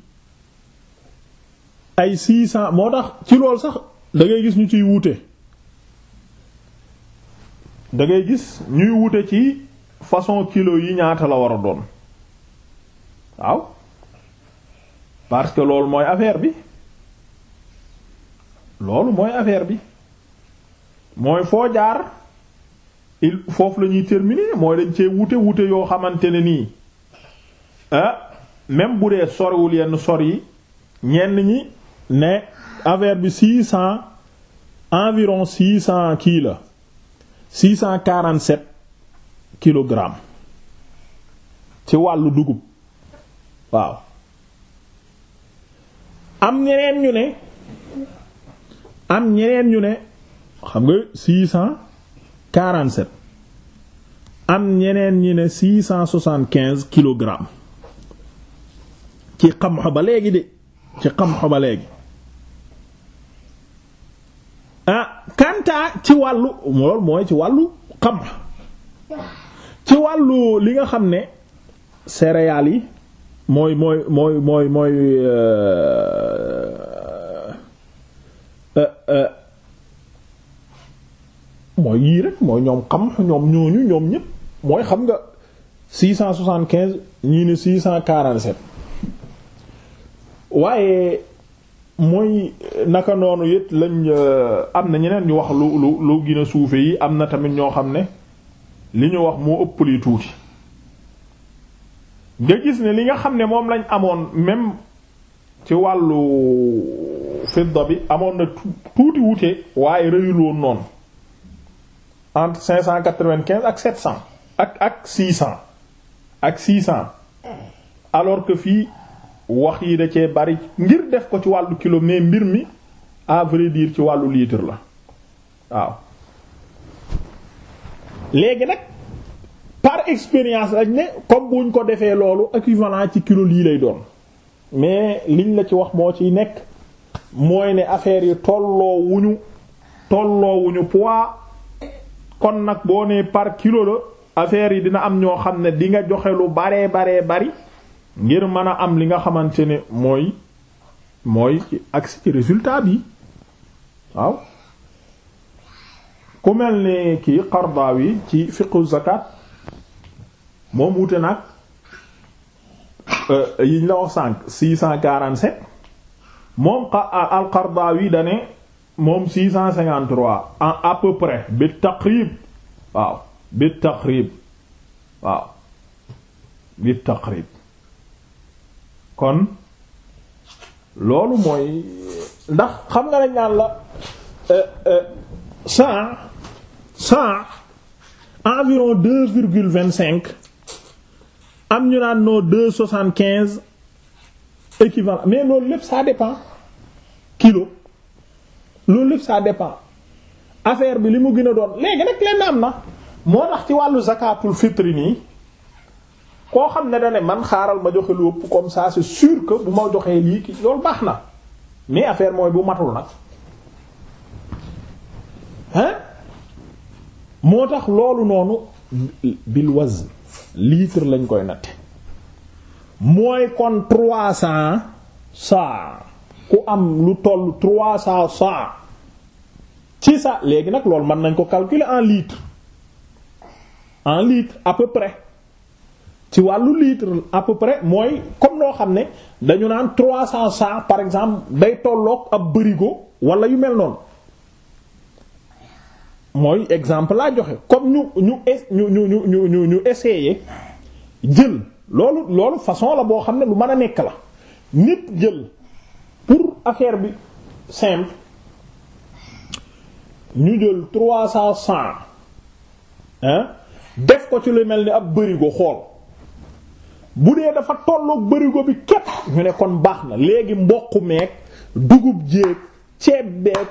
ay six cent moo tax ci lool sax dangay gis ñu ciy wuute da ngay gis ñuy wuute ci façon kilo yi ñaata la war a doon waaw parce que loolu mooy affaire bi loolu mooy affaire bi mooy foo jaar il foofu la ñuy terminer mooy dañ cee wute wute yoo xamante ne nii ah même bu dee soriwul yenn sor yi ñenn ñi ne affaire bi six cent environ six cent kii la six ci wàllu dugub waaw ne am ñeneen ñu ne xam nga 647 am ñeneen ñi ne kilo kilogrammes ci xamxo ba léegi de ci xamxo ba léegi ah kanta ci wàllu loolu mooy ci wàllu xam ci wàllu li nga xam ne céréales yi mooy mooy mooy mooy mooy euh Euh, euh, mooy yii rek mooy ñoom xam ñoom ñooñu ñoom ñépp mooy xam nga 675 ñii ne 647 waaye mooy naka noonu it lañ euh, am na ñeneen ñu wax lu lu lu suufe yi am na tamit ñoo xam ne li ñu wax moo ëpp li tuuti nga gis ne li nga xam ne moom lañ amoon même ci wàllu fidda bi amoon na tuuti wuute waaye rëyul woon noonu entre cinq cent quatre ak sept cent ak ak six ak six cent alors que fii wax yi da cee bari ngir def ko ci wàllu kilo mais mbir mi à vrai dire ci wàllu litre la waaw léegi nag par expérience lañ ne comme buñ ko defee loolu équivalent ci kilo lii lay doon mais liñ la ci wax moo ciy nekk mooy ne affaire yi tolloo wuñu tolloo wuñu poids kon nag boo nee par kilo la affaire yi dina am ñoo xam ne di nga joxe lu baree baree bari ngir mën a am li nga xamante ne mooy mooy ak ci résultat bi waaw ku mel ni kii Qardawi ci fiqhu zakat moom wute nag euh, yiñ la wax sànq 647 moom al-Qardawi da ne moom 653 en à peu près bi taqrib waaw bi taqrib waaw bi taqrib kon loolu mooy ndax xam nga nañ naan la euh, euh, cent cent environ deux am ñu naan noo équivalent mais loolu lépp ça dépend kilo loolu lépp ça dépend affaire bi li mu gën a doon léegi nag lenn am na moo tax ci wàllu zakatul fitri nii koo xam ne dana ne man xaaral ma joxe lu ëpp comme ça c'est sûr que bu ma joxee lii ki loolu baax na mais affaire mooy bu matul nag hein moo tax loolu noonu bil wazn litre lañ koy natte mooy kon trois cents saa ku am lu toll trois cents saa ci sa léegi nag loolu mën nañ ko calculer en litre en litre à peu près ci wàllu litre à peu près mooy comme noo xam ne dañu naan trois cents saa par exemple day tolloog ab bërigo wala yu mel noonu mooy exemple laa joxe comme ñu ñu ñu ñu ñu ñu ñu essayer jël. loolu loolu façon la boo xam ne lu mën a nekk la nit jël pour affaire bi simple ñu jël trois cent cent def ko ci lu mel ni ab bërigo xool bu dee dafa tolloog bërigo bi képp ñu ne kon baax na léegi mboqu meek dugub jéeg ceeb beeg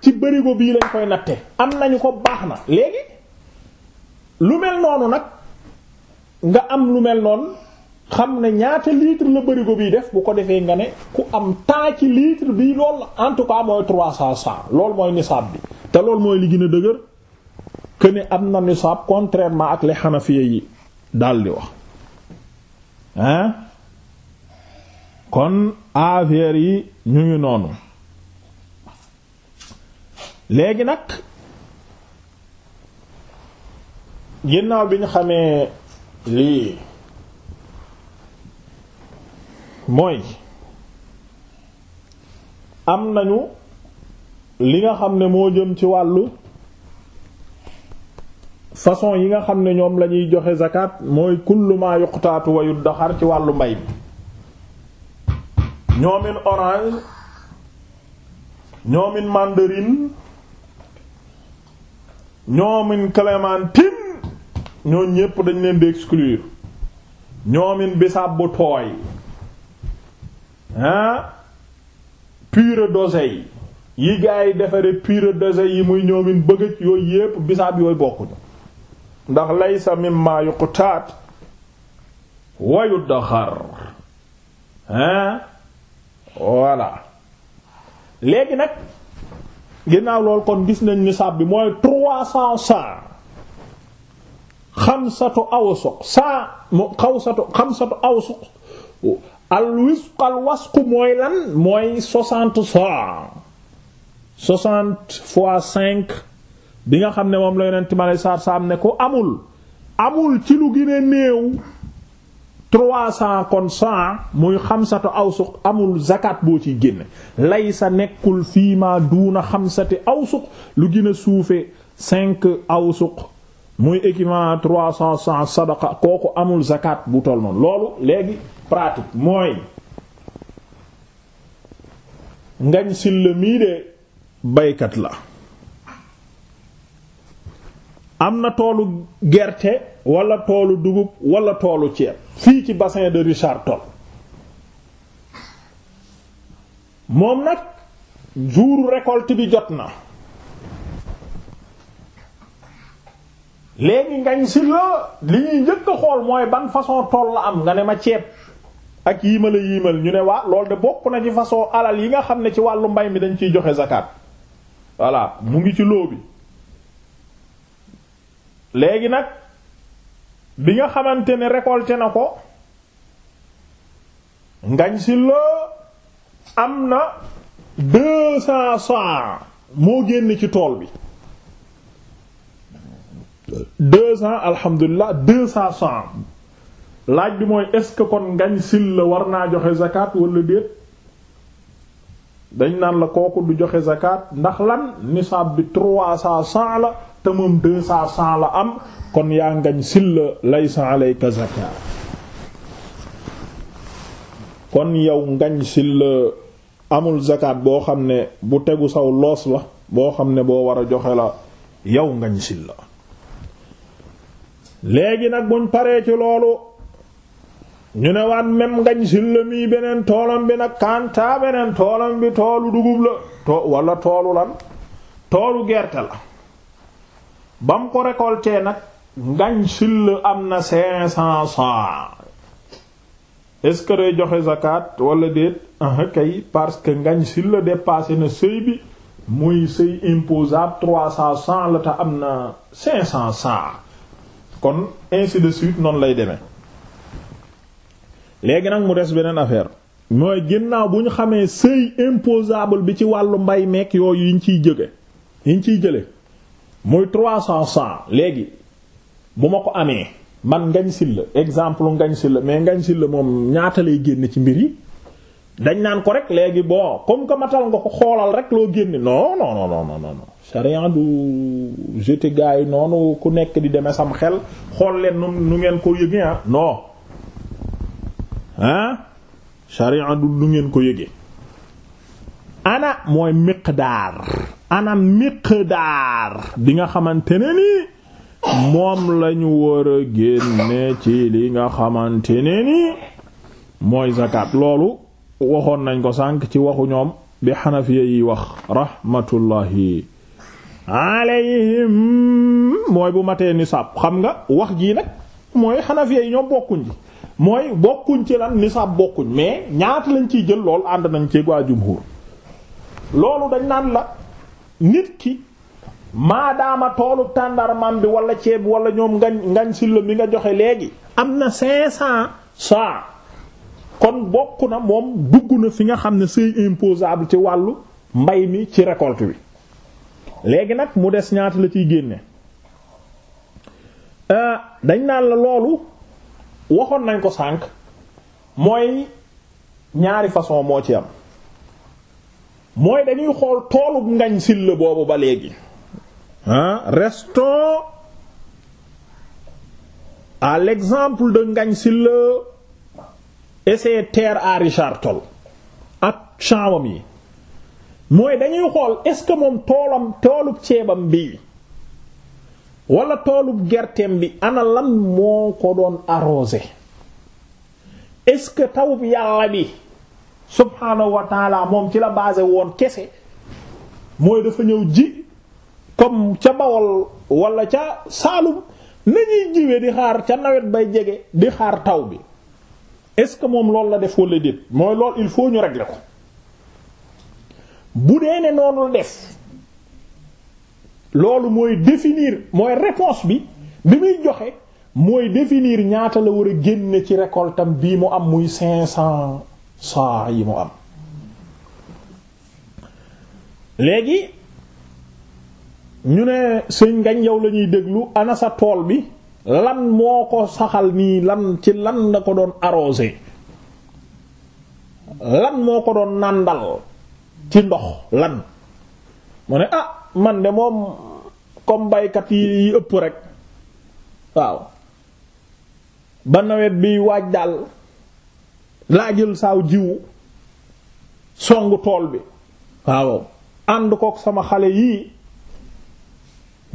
ci bërigo bii lañ koy natte am nañu ko baax na léegi lu mel noonu nag nga am lu mel noonu xam ne ñaata litre la bërigo bi def bu ko defee nga ne ku am temps ci litre bi lool en tout cas mooy trois cent cent loolu mooy nisaab bi te loolu mooy li gën a dëgër que ne am na nisaab contrairement ak li xanafiya yi daal di wax hein kon affaire yi ñu ngi noonu léegi nag ginnaaw bi ñu xamee lii mooy am nañu li nga xam ne moo jëm ci wàllu façon yi nga xam ne ñoom lañuy joxe zakat mooy kullu ma yuqtaatu wa ci wàllu mbay mi ñoomin orange ñoomin mandarine ñoomin clémentine ñooñ ñépp dañ leen di exclure ñoomin bisaab bu tooy ah pure d'oseille yi gaa yi defare pure d'oseille yi muy ñoomin bëgg yooyu yépp bisaab yooyu bokkuñu ndax laysa mimma yuqtaat wa yuddaxar hein voilà léegi nag ginnaaw lool kon gis nañ nisaab bi mooy trois cents xamsatu awsuq saa mu xawsatu xamsatu awsuq al wisq mooy lan mooy soixante saa soixante fois cinq bi nga xam ne moom la yonent ma lay saar saam ne ko amul amul ci lu gën a néew trois cent kon cent muy xamsatu awsuq amul zakat boo ciy génne lay sa nekkul fii ma duuna xamsati awsuq lu gën a suufe cinq awsuq muy équipement trois cent cent sadaqa kooku amul zakat bu toll noonu loolu léegi pratique mooy ngañ silla mii de baykat la am na toolu gerte walla toolu dugub wala toolu ceeb fii ci bassin de Richard tol moom nag jour récolte bi jot na léegi ngañ si la li ñuy njëkk a xool mooy ban façon tool la am nga ne ma ceeb ak yiimal a yiimal ñu ne waa loolu de bokk na ci façon alal yi nga xam ne ci wàllu mbay mi dañ ciy joxe zakat voilà mu ngi ci loo bi léegi nag bi nga xamante ne récolté na ko ngañ si la am na deux cents moo génn ci tool bi deux ans alhamdulilah deux cent cent laaj bi mooy est-ce que kon ngañ sil la war naa joxe zakat walla déet dañ naan la kooku du joxe zakat ndax lan nisaab bi trois cent cent la te moom deux cent cent la am kon yaa ngañ sil la laysa alayka zakat kon yow ngañ sil la amul zakat boo xam ne bu tegu saw loos la boo xam ne boo war a joxe la yow ngañ sil la léegi nag buñ paree ci loolu ñu ne waan même ngañ silla mii beneen toolam bi nag kanta beneen toolam bi toolu dugub la walla wala toolu lan toolu gerte la ba mu ko récolté nag ngañ silla am na cinq cents sa est-ce que joxe zakat wala déet ah kay parce que ngañ silla dépassé na seuil bi muy seuil imposable trois cents sa la te am na cinq cents sa kon ainsi de suite noonu lay deme léegi nag mu des beneen affaire mooy génnaaw bu ñu xamee seuil imposable bi ci wàllu mbay meek yooyu yi ñu ciy jóge yi ñu ciy jële muy trois cent cent léegi bu ma ko amee man ngañ silla exemple ngañ silla mais ngañ silla moom ñaata lay génn ci mbir yi dañ naan ko rek léegi boo comme que matal nga ko xoolal rek loo génne non non non sharia du jeté gars yi noonu ku nekk di demee sam xel xool leen nu ngeen ko yëgee ah non ah sharia du ngeen ko yëgee ana mooy miqdaar ana miqdaar bi nga xamante ne moom lañu war a génne ci li nga xamante ne ni mooy zakat loolu waxoon nañ ko sànk ci waxu ñoom bi xanafiya yi wax rahmatullahi alayhim mooy bu matee nisaab xam nga wax jii nag mooy xanafiya yi ñoom bokkuñ ci mooy bokkuñ ci lan nisaab bokkuñ mais ñaata lañ ciy jël lool ànd nañ ci waa jumhur loolu dañ naan la nit ki maadaama toolu tàndarman bi wala ceeb wala ñoom ngañ ngañ silla mi nga joxe léegi am na cinq cent kon bokk na moom dugg na fi nga xam ne c'est imposable ci wàllu mbay mi ci récolte bi léegi nag mu des ñaata la ciy génne euh, dañ naan la loolu waxoon nañ ko sànq mooy ñaari façon moo ci am mooy dañuy xool toolu ngañ silla boobu ba léegi ah restons à l'exemple de ngañ silla et ses terres à Richard Toll ak chamam yi mooy dañuy xool est-ce que moom toolam toolub ceebam bi wala toolub gerteem bi ana lan moo ko doon arrosé est-ce que tawub yàlla bi subhaanahu wa taala moom ci la basé woon kese mooy dafa ñëw ji comme ca Bawol wala ca Saalum nañuy jiwee di xaar ca nawet bay jege di xaar taw bi est-ce que moom loolu la def wala déet mooy lool il faut ñu régler ko bu dee ne noonu la def loolu mooy définir mooy réponse bi bi muy joxe mooy définir ñaata la war a génne ci récolte bii mu am muy cinq cent saa yi mu am léegi ñu ne sëñ ngañ yow lañuy ñuy déglu ana sa tool bi lan moo ko saxal nii lan ci lan la ko doon arrosé lan moo ko doon nàndal ci ndox lan mu ne ah man de moom comme baykat yi ëpp rek waaw ba nawet bi waaj daal laa saaw jiwu songu tool bi waaw ànd kook sama xale yii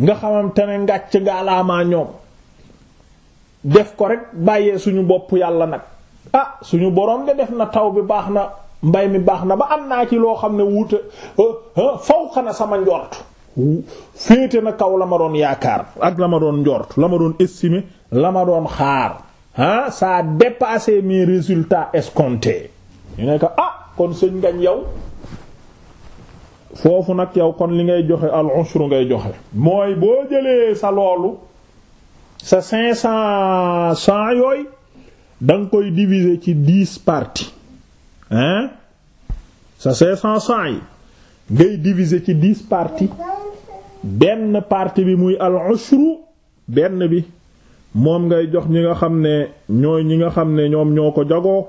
nga xamante ne ngàcc ngaalaamaa ñoom def ko rek bàyyee suñu bopp yàlla nag ah suñu boroom de def na taw bi baax na mbay mi baax na ba am naa ci loo xam ne wuute euh, euh, fawqa na sama njort féete na kaw la ma yaakaar ak la ma doon njort la ma doon estimer la ma doon xaar ah ça a dépassé mes résultats escomptés ñu ne ko ah, kon sëñ ngañ yow foofu nag yow kon li ngay joxe al ushru ngay joxe mooy boo jëlee sa loolu sa cinq cent cent yooyu da nga koy diviser ci dix parties hein sa cinq cent cent yi ngay diviser ci dix parties benn partie bi muy al ushru benn bi moom ngay jox ñi nga xam ne ñooy ñi nga xam ne ñoom ñoo ko jagoo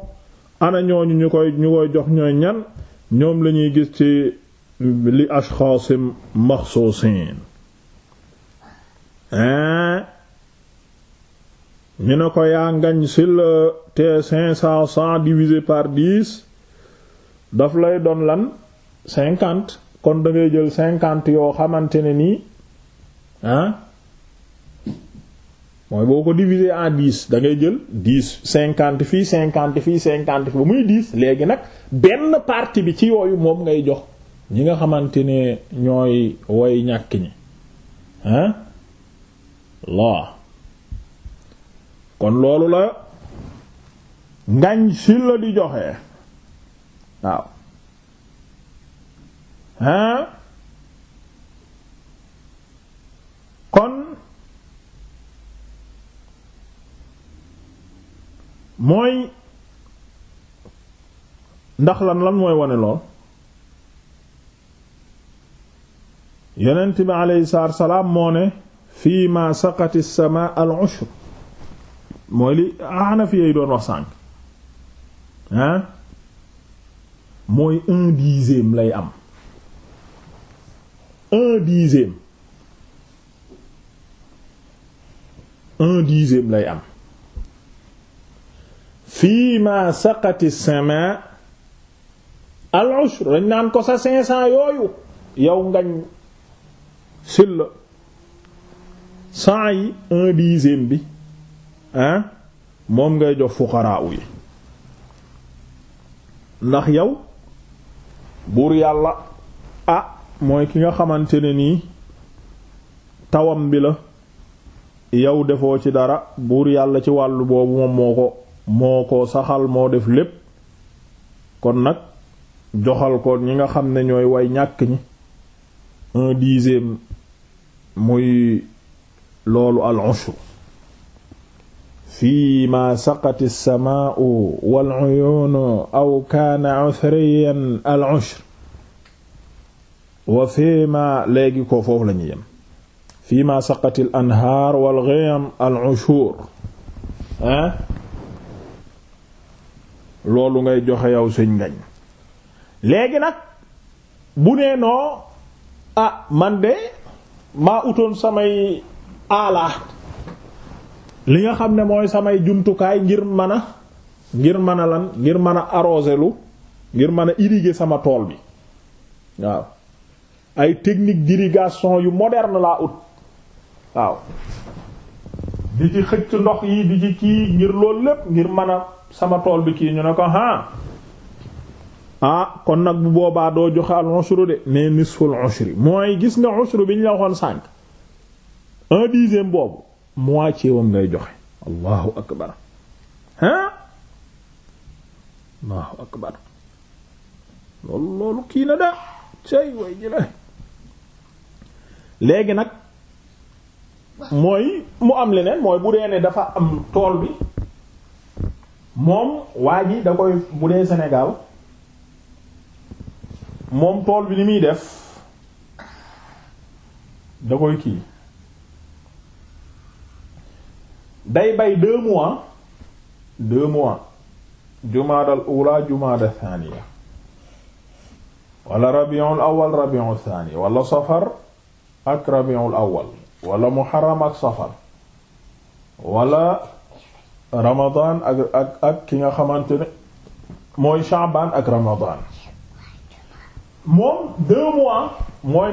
ana ñooñu ñu koy ñu jox ñooy ñan ñoom lañuy gis ci li ashxaasim maxsuusin hein ñu ne ko yaa ngañ sil te cinq cent cent divisé par dix daf lay doon lan cinquante kon da ngay jël cinquante yoo xamante ne nii ah mooy boo ko diviser en dix da ngay jël dix cinquante fii cinquante fii cinquante fii ba muy dix léegi nag benn partie bi ci yooyu moom ngay jox ñi nga xamante ne ñooy woy ñàkk ñi ah kon loolu la ngañ si la di joxe. waaw hein kon mooy ndax lan lan mooy wane lool yonent bi aleyhi salaam moo ne fii ma saqati sama al ushr mooy li Hanafi yi doon wax sànq hein mooy un dixième lay am un dixième un dixième lay am fii ma saqati sama al ushr dañ naan ko sa cinq cents yooyu yow ngañ silla cent yi un dixième bi ah moom ngay jox fuqaraa yi ndax yow buur yàlla a ah, mooy ki nga xamante ne nii tawam bi la yow defoo ci dara buur yàlla ci wàllu boobu moom moo ko moo ko saxal moo def lépp kon nag joxal ko ñi nga xam ne ñooy way ñàkk ñi un dixième muy loolu al fiima saqati samaau wal uyuunu aw kaana uthriyan al ushr wa fiima léegi ko foofu lañu yem fiima saqati al anhaar wal ghayam al ushuur ah loolu ngay joxe yow sëñ ngañ léegi nag bu nee noo ah man de maa utoon samay aala li nga xam ne mooy samay jumtukaay ngir mën a ngir mën a lan ngir mën a arroser lu ngir mën a irriguer sama tool bi waaw ay technique d'irrigation yu moderne laa ut waaw di ci xëcc ndox yi di ci kii ngir loolu lépp ngir mën a sama tool bi kii ñu ne ko ah ah kon nag bu boobaa doo joxe al ushru de mais nisful moo mooy gis nga ushru bi ñu la waxoon sànq un dixième boobu moitié wam ngay joxe allahu akbar ah allahu akbar loolu loolu kii na da say way jëla léegi nag mooy mu am leneen mooy bu dee ne dafa am tool bi moom waa ji da koy bu dee Sénégal moom tool bi li muy def da koy kii day bay deux mois deux mois jumaadal ula jumaada thaniya wala rabiul awal rabiul thani wala safar ak rabiul awal wala muharram ak safar wala ramadan ak ak ak ki nga xamante ne mooy shaaban ak ramadan moom deux mois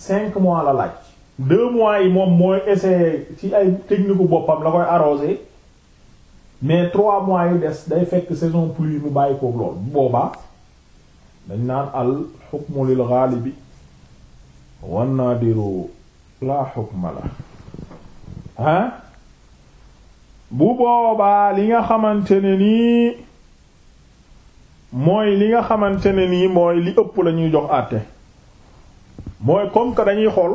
cinq mois la laaj deux mois yi moom mooy essayer ci ay technique boppam la koy arroser mais trois mois yu des day fekk saison pluie mu bàyyi kook lool bu booba dañ naan àll xukmu lil gaalibi wan naadiru laa xukma la ah bu booba li nga xamante ne nii mooy li nga xamante ne nii mooy li ëpp la ñuy jox àtte mooy comme que dañuy xool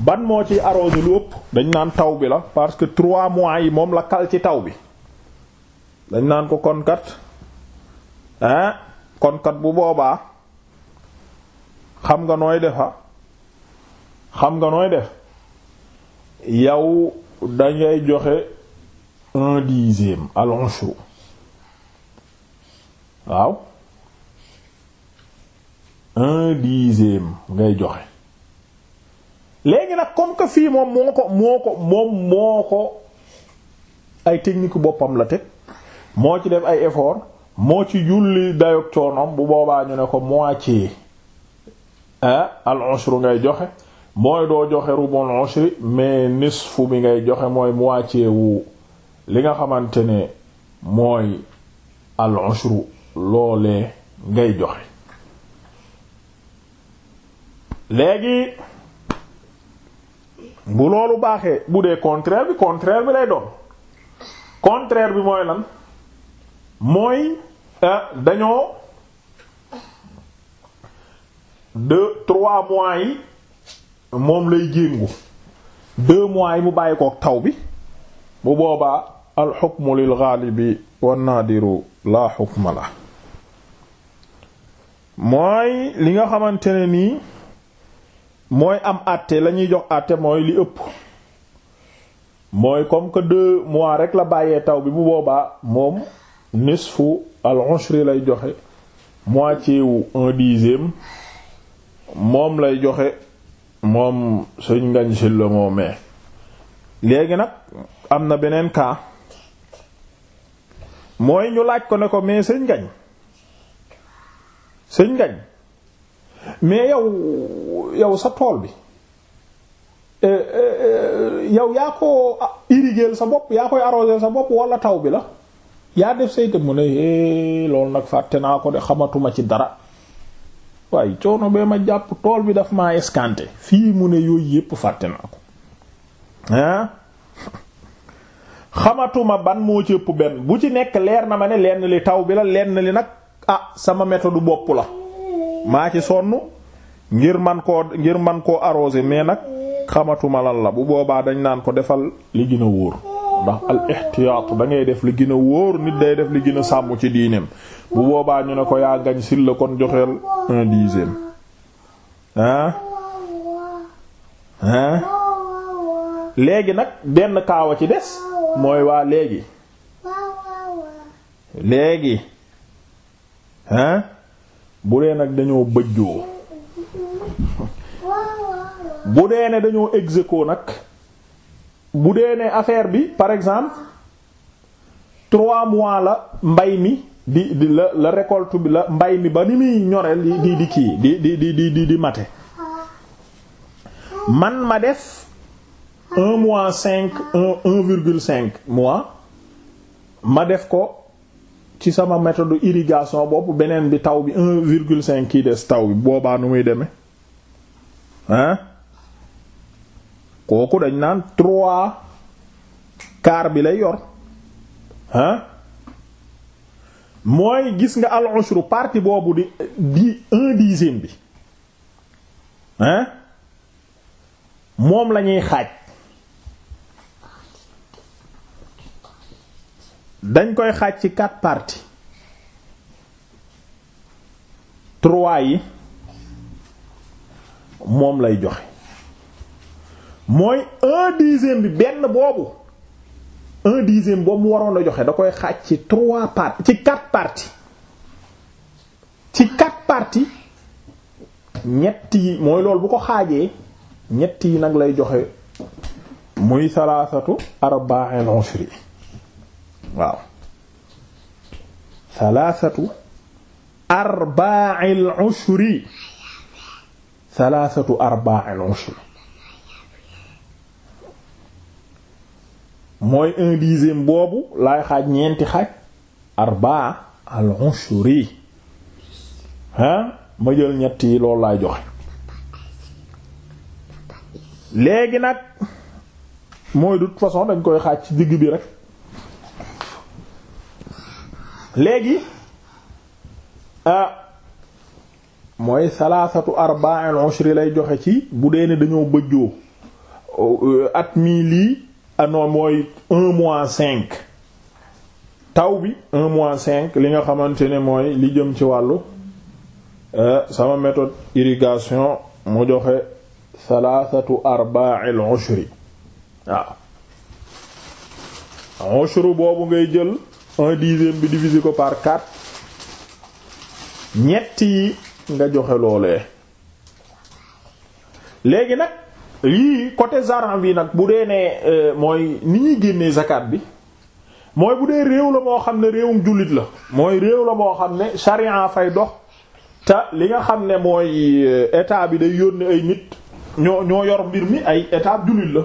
ban moo ci arrosé lu ëpp dañ naan taw bi la parce que trois mois yi moom la kal ci taw bi dañ naan ko konkat ah konkat bu boobaa xam nga nooy defa xam nga nooy def yow dangay joxe un dixième al ushru waaw un dixième ngay joxe léegi nag comme que fii moom moo ko moo ko moom moo ko ay technique boppam la teg moo ci def ay effort moo ci julli dayog coonom bu boobaa ñu ne ko moitié al ushru ngay joxe mooy doo joxe rubul ushri mais nisfu bi ngay joxe mooy moitié wu li nga xamante ne mooy al ushru loole ngay joxe léegi bu loolu baaxee bu dee contraire bi contraire bi lay doon contraire bi mooy lan mooy euh, dañoo deux trois mois yi moom lay jéngu deux mois yi mu bàyyi ko taw bi bu boobaa al hukmu lil ghalibi wan nadiru la hukma la mooy li nga xamante ne nii mooy am àtte la ñuy jox àtte mooy li ëpp mooy comme que deux mois rek la bàyyee taw bi bu boobaa moom nisfu al ushri lay joxe moitié wu un dixième moom lay joxe moom suñ ngañ si la moomee léegi nag am na beneen cas mooy ñu laaj ko ne ko mais sëñ ngañ sëñ ngañ mais yow yow sa tool bi eh, eh, eh, yow yaa ko irriguer sa bopp yaa koy arroser sa bopp wala taw bi la yaa def sayta mu ne loolu nag fàtte naa ko de xamatuma ci dara waaye coono bee ma jàpp tool bi dafa maa escanté fii mu ne yooyu yépp fàtte naa ko ah xamatuma ban moo ci benn bu ci nekk leer na ma ne lenn li taw bi la lenn li nag ah sama méthode bopp la maa ci sonn ngir man koo ngir man koo arrosé mais nag xamatuma lan la bu boobaa dañ naan ko defal li gën a wóor ndax al ihtiyaat da def li gën a wóor nit day def li gën a sàmm ci diineem bu boobaa ñu ne ko yaa gañ sil la kon joxeel un dixième léegi nag benn kaawa ci des mooy waa léegi léegi ah bu dee nag dañoo bëjjoo bu dee ne dañoo exéco nag bu dee ne affaire bi par exemple trois mois la mbay mi di di la la récolte bi la mbay mi ba ni muy ñoreel di di di kii di di di di di mate man ma def un mois cinq un un virgule cinq mois ma def ko ci sama méthode irrigation bopp beneen bi taw bi un virgule cinq kii des taw bi boobaa nu muy demee hein kooku dañ naan trois kaar bi lay yor hein mooy gis nga al ushru boobu di di un dixième bi hein moom lañuy xaaj dañ koy xaaj ci quatre parties trois yi moom lay joxe mooy un dixième bi benn boobu un dixième boobu mu waroon a joxe da koy xaaj ci trois parties ci quatre parties ci quatre mooy loolu bu ko xaajee ñett yi nag lay joxe muy salaasatu arba'in usri waaw thalathatu arba'il ushri thalathatu arba'il mooy un boobu laay xaaj ñeenti xaaj arba al ushri ah ma jël ñetti yi loolu laay joxe léegi nag mooy de toute façon dañ koy xaaj ci digg bi rek léegi euh, mooy salaasatu arba'il ushri lay joxe ci bu dee ne dañoo bëjjoo euh, at mii lii ano ah mooy cinq taw bi mois cinq li nga xamante ne mooy li jëm ci wàllu euh, sama méthode irrigation mu joxe salaasatu arba'il ushri waaw ushru boobu ngay jël un dixième bi divisé ko par quatre ñetti nga joxe loole léegi nag lii côté zaran bi nag bu dee ne euh, mooy ni ñuy génnee zakat bi mooy bu dee réew la moo xam ne réewum jullit la mooy réew la moo xam ne sharia fay dox te li nga xam ne mooy euh, état bi day yónni ay nit ñoo ñoo yor mbir mi ay état jullit la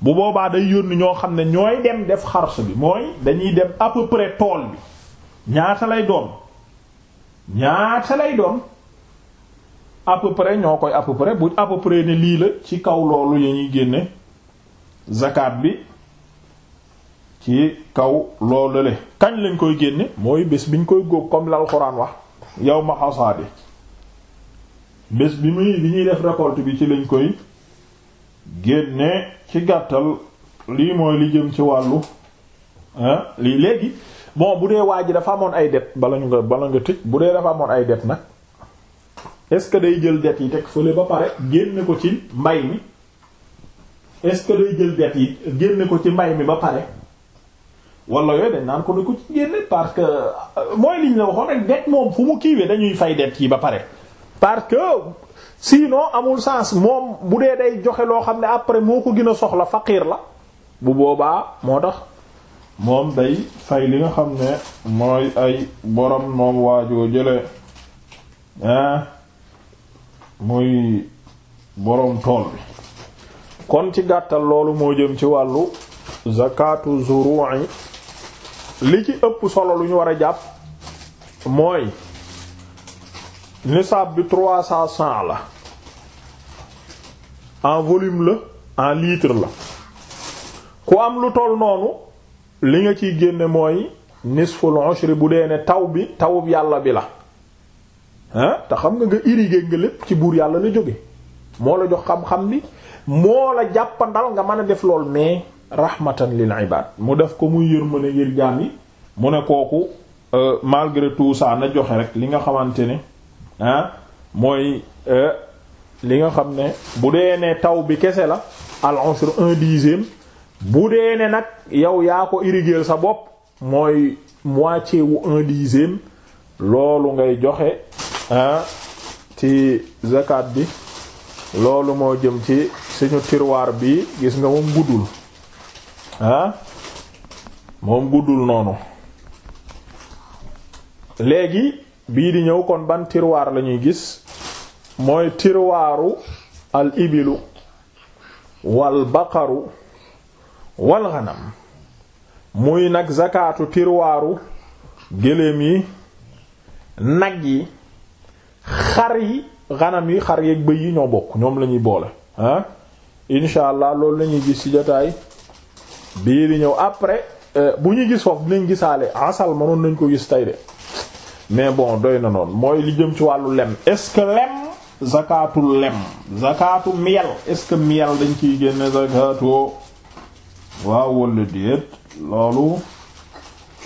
bu boobaa day yónni ñoo xam ne ñooy dem def xars bi mooy dañuy dem à peu près tool bi ñaata lay doon ñaata lay doon à peu ñoo koy à peu bu à peu près ne lii la ci kaw loolu ya ñuy génne zakat bi ci kaw loolu le kañ lañ koy génne mooy bés biñ koy góob comme l'alxuraan wax yow ma bi bés bi muy bi ñuy def récolte bi ci lañ koy génne ci gàttal lii mooy li jëm ci wàllu lii léegi bon bu dee waa ji dafa amoon ay det bala ñu nga bala nga tëj bu dee dafa amoon ay det nag est-ce que day jël det yi teg fële ba pare génne ko ci mbay mi est-ce que day jël det yi génne ko ci mbay mi ba pare wala yooyu dañ naan ko ne ko ci génne parce que euh, mooy liñ la waxoon rek det moom fu mu kiiwee dañuy fay det yi ba pare parce que sinon amul sens moom bu dee day joxe loo xam ne après moo ko gën a soxla fakiir la bu boobaa moo tax moom day fay li nga xam ne mooy ay borom moom waajoo jële muy boroom tool bi kon ci gàttal loolu moo jëm ci wàllu zakatu zuru'i li ci ëpp solo lu ñu war a jàpp mooy nisaab bi trois cent cent la en volume la en litre la ku am lu toll noonu li nga ciy génne mooy nisful ushri bu dee ne taw bi tawub yàlla bi la ah te xam nga nga irriguer nga lépp ci buur yàlla la jóge moo la jox xam-xam bi moo la jàppandal nga mën a def lool mais rahmatan lil ibad mu def ko muy yërmande ngir jaam yi mu ne kooku euh, malgré tout ça na joxe rek li nga xamante ne Ah, mooy euh, li nga xam ne bu dee ne taw bi kese la al ushr un dixième bu dee ne nag yow yaa ko irriguer sa bopp mooy moitié wu un dixième loolu ngay joxe ah, ci zakat bi loolu moo jëm ci suñu tiroir bi gis nga moom guddul ah moom guddul noonu léegi bii di ñëw kon ban tiroir la ñuy gis mooy tiroiru al ibilu wal baqaru wal ghanam muy nag zakaatu tiroiru gëléem yi nag yi xar yi ghanam yi xar yeeg bëy yi ñoo bokk ñoom la ñuy boole ah incha allah loolu lañuy gis ci jataay bii di ñëw après euh, bu ñuy gis foofu dinañ gisaale asal mënoon lañ ko gis tey de mais bon doy na noon mooy li jëm ci wàllu lem est-ce que lem zakatu lem zakatu miel est-ce que miel dañ ciy génne zakatu waaw wala déet loolu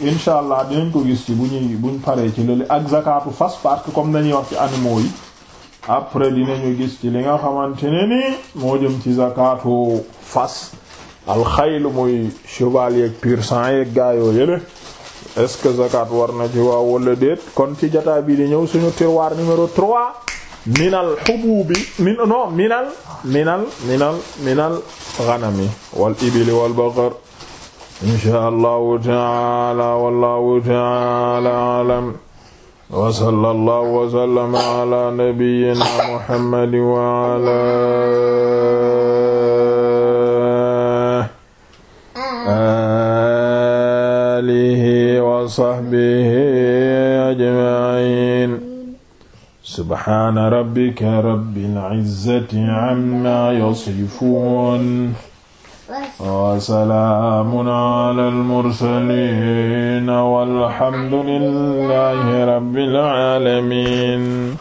incha allah dinañ ko gis ci bu ñuy buñ paree ci lële ak zakatu fas parce que comme dañuy wax ci animaux yi après dinañu gis ci li nga xamante ne ni moo jëm ci zakatu fas alxayl muy cheval yeeg pur sang yeeg gaayoo yële est-ce que zakat war na ci waaw wala déet kon ci jataa bii di ñëw suñu tiroir numéro 3 minal xubuubi min non minal minal minal minal ghanami wal ibili wal baqar insha allahu taala wallahu taala alam wa sallallahu wa sallama ala nabiyyina wa sahbihi ajma'in subhaana rabbika rabbil izzati amma yasifuun wa salaamun alal mursaliin walhamdu lillaahi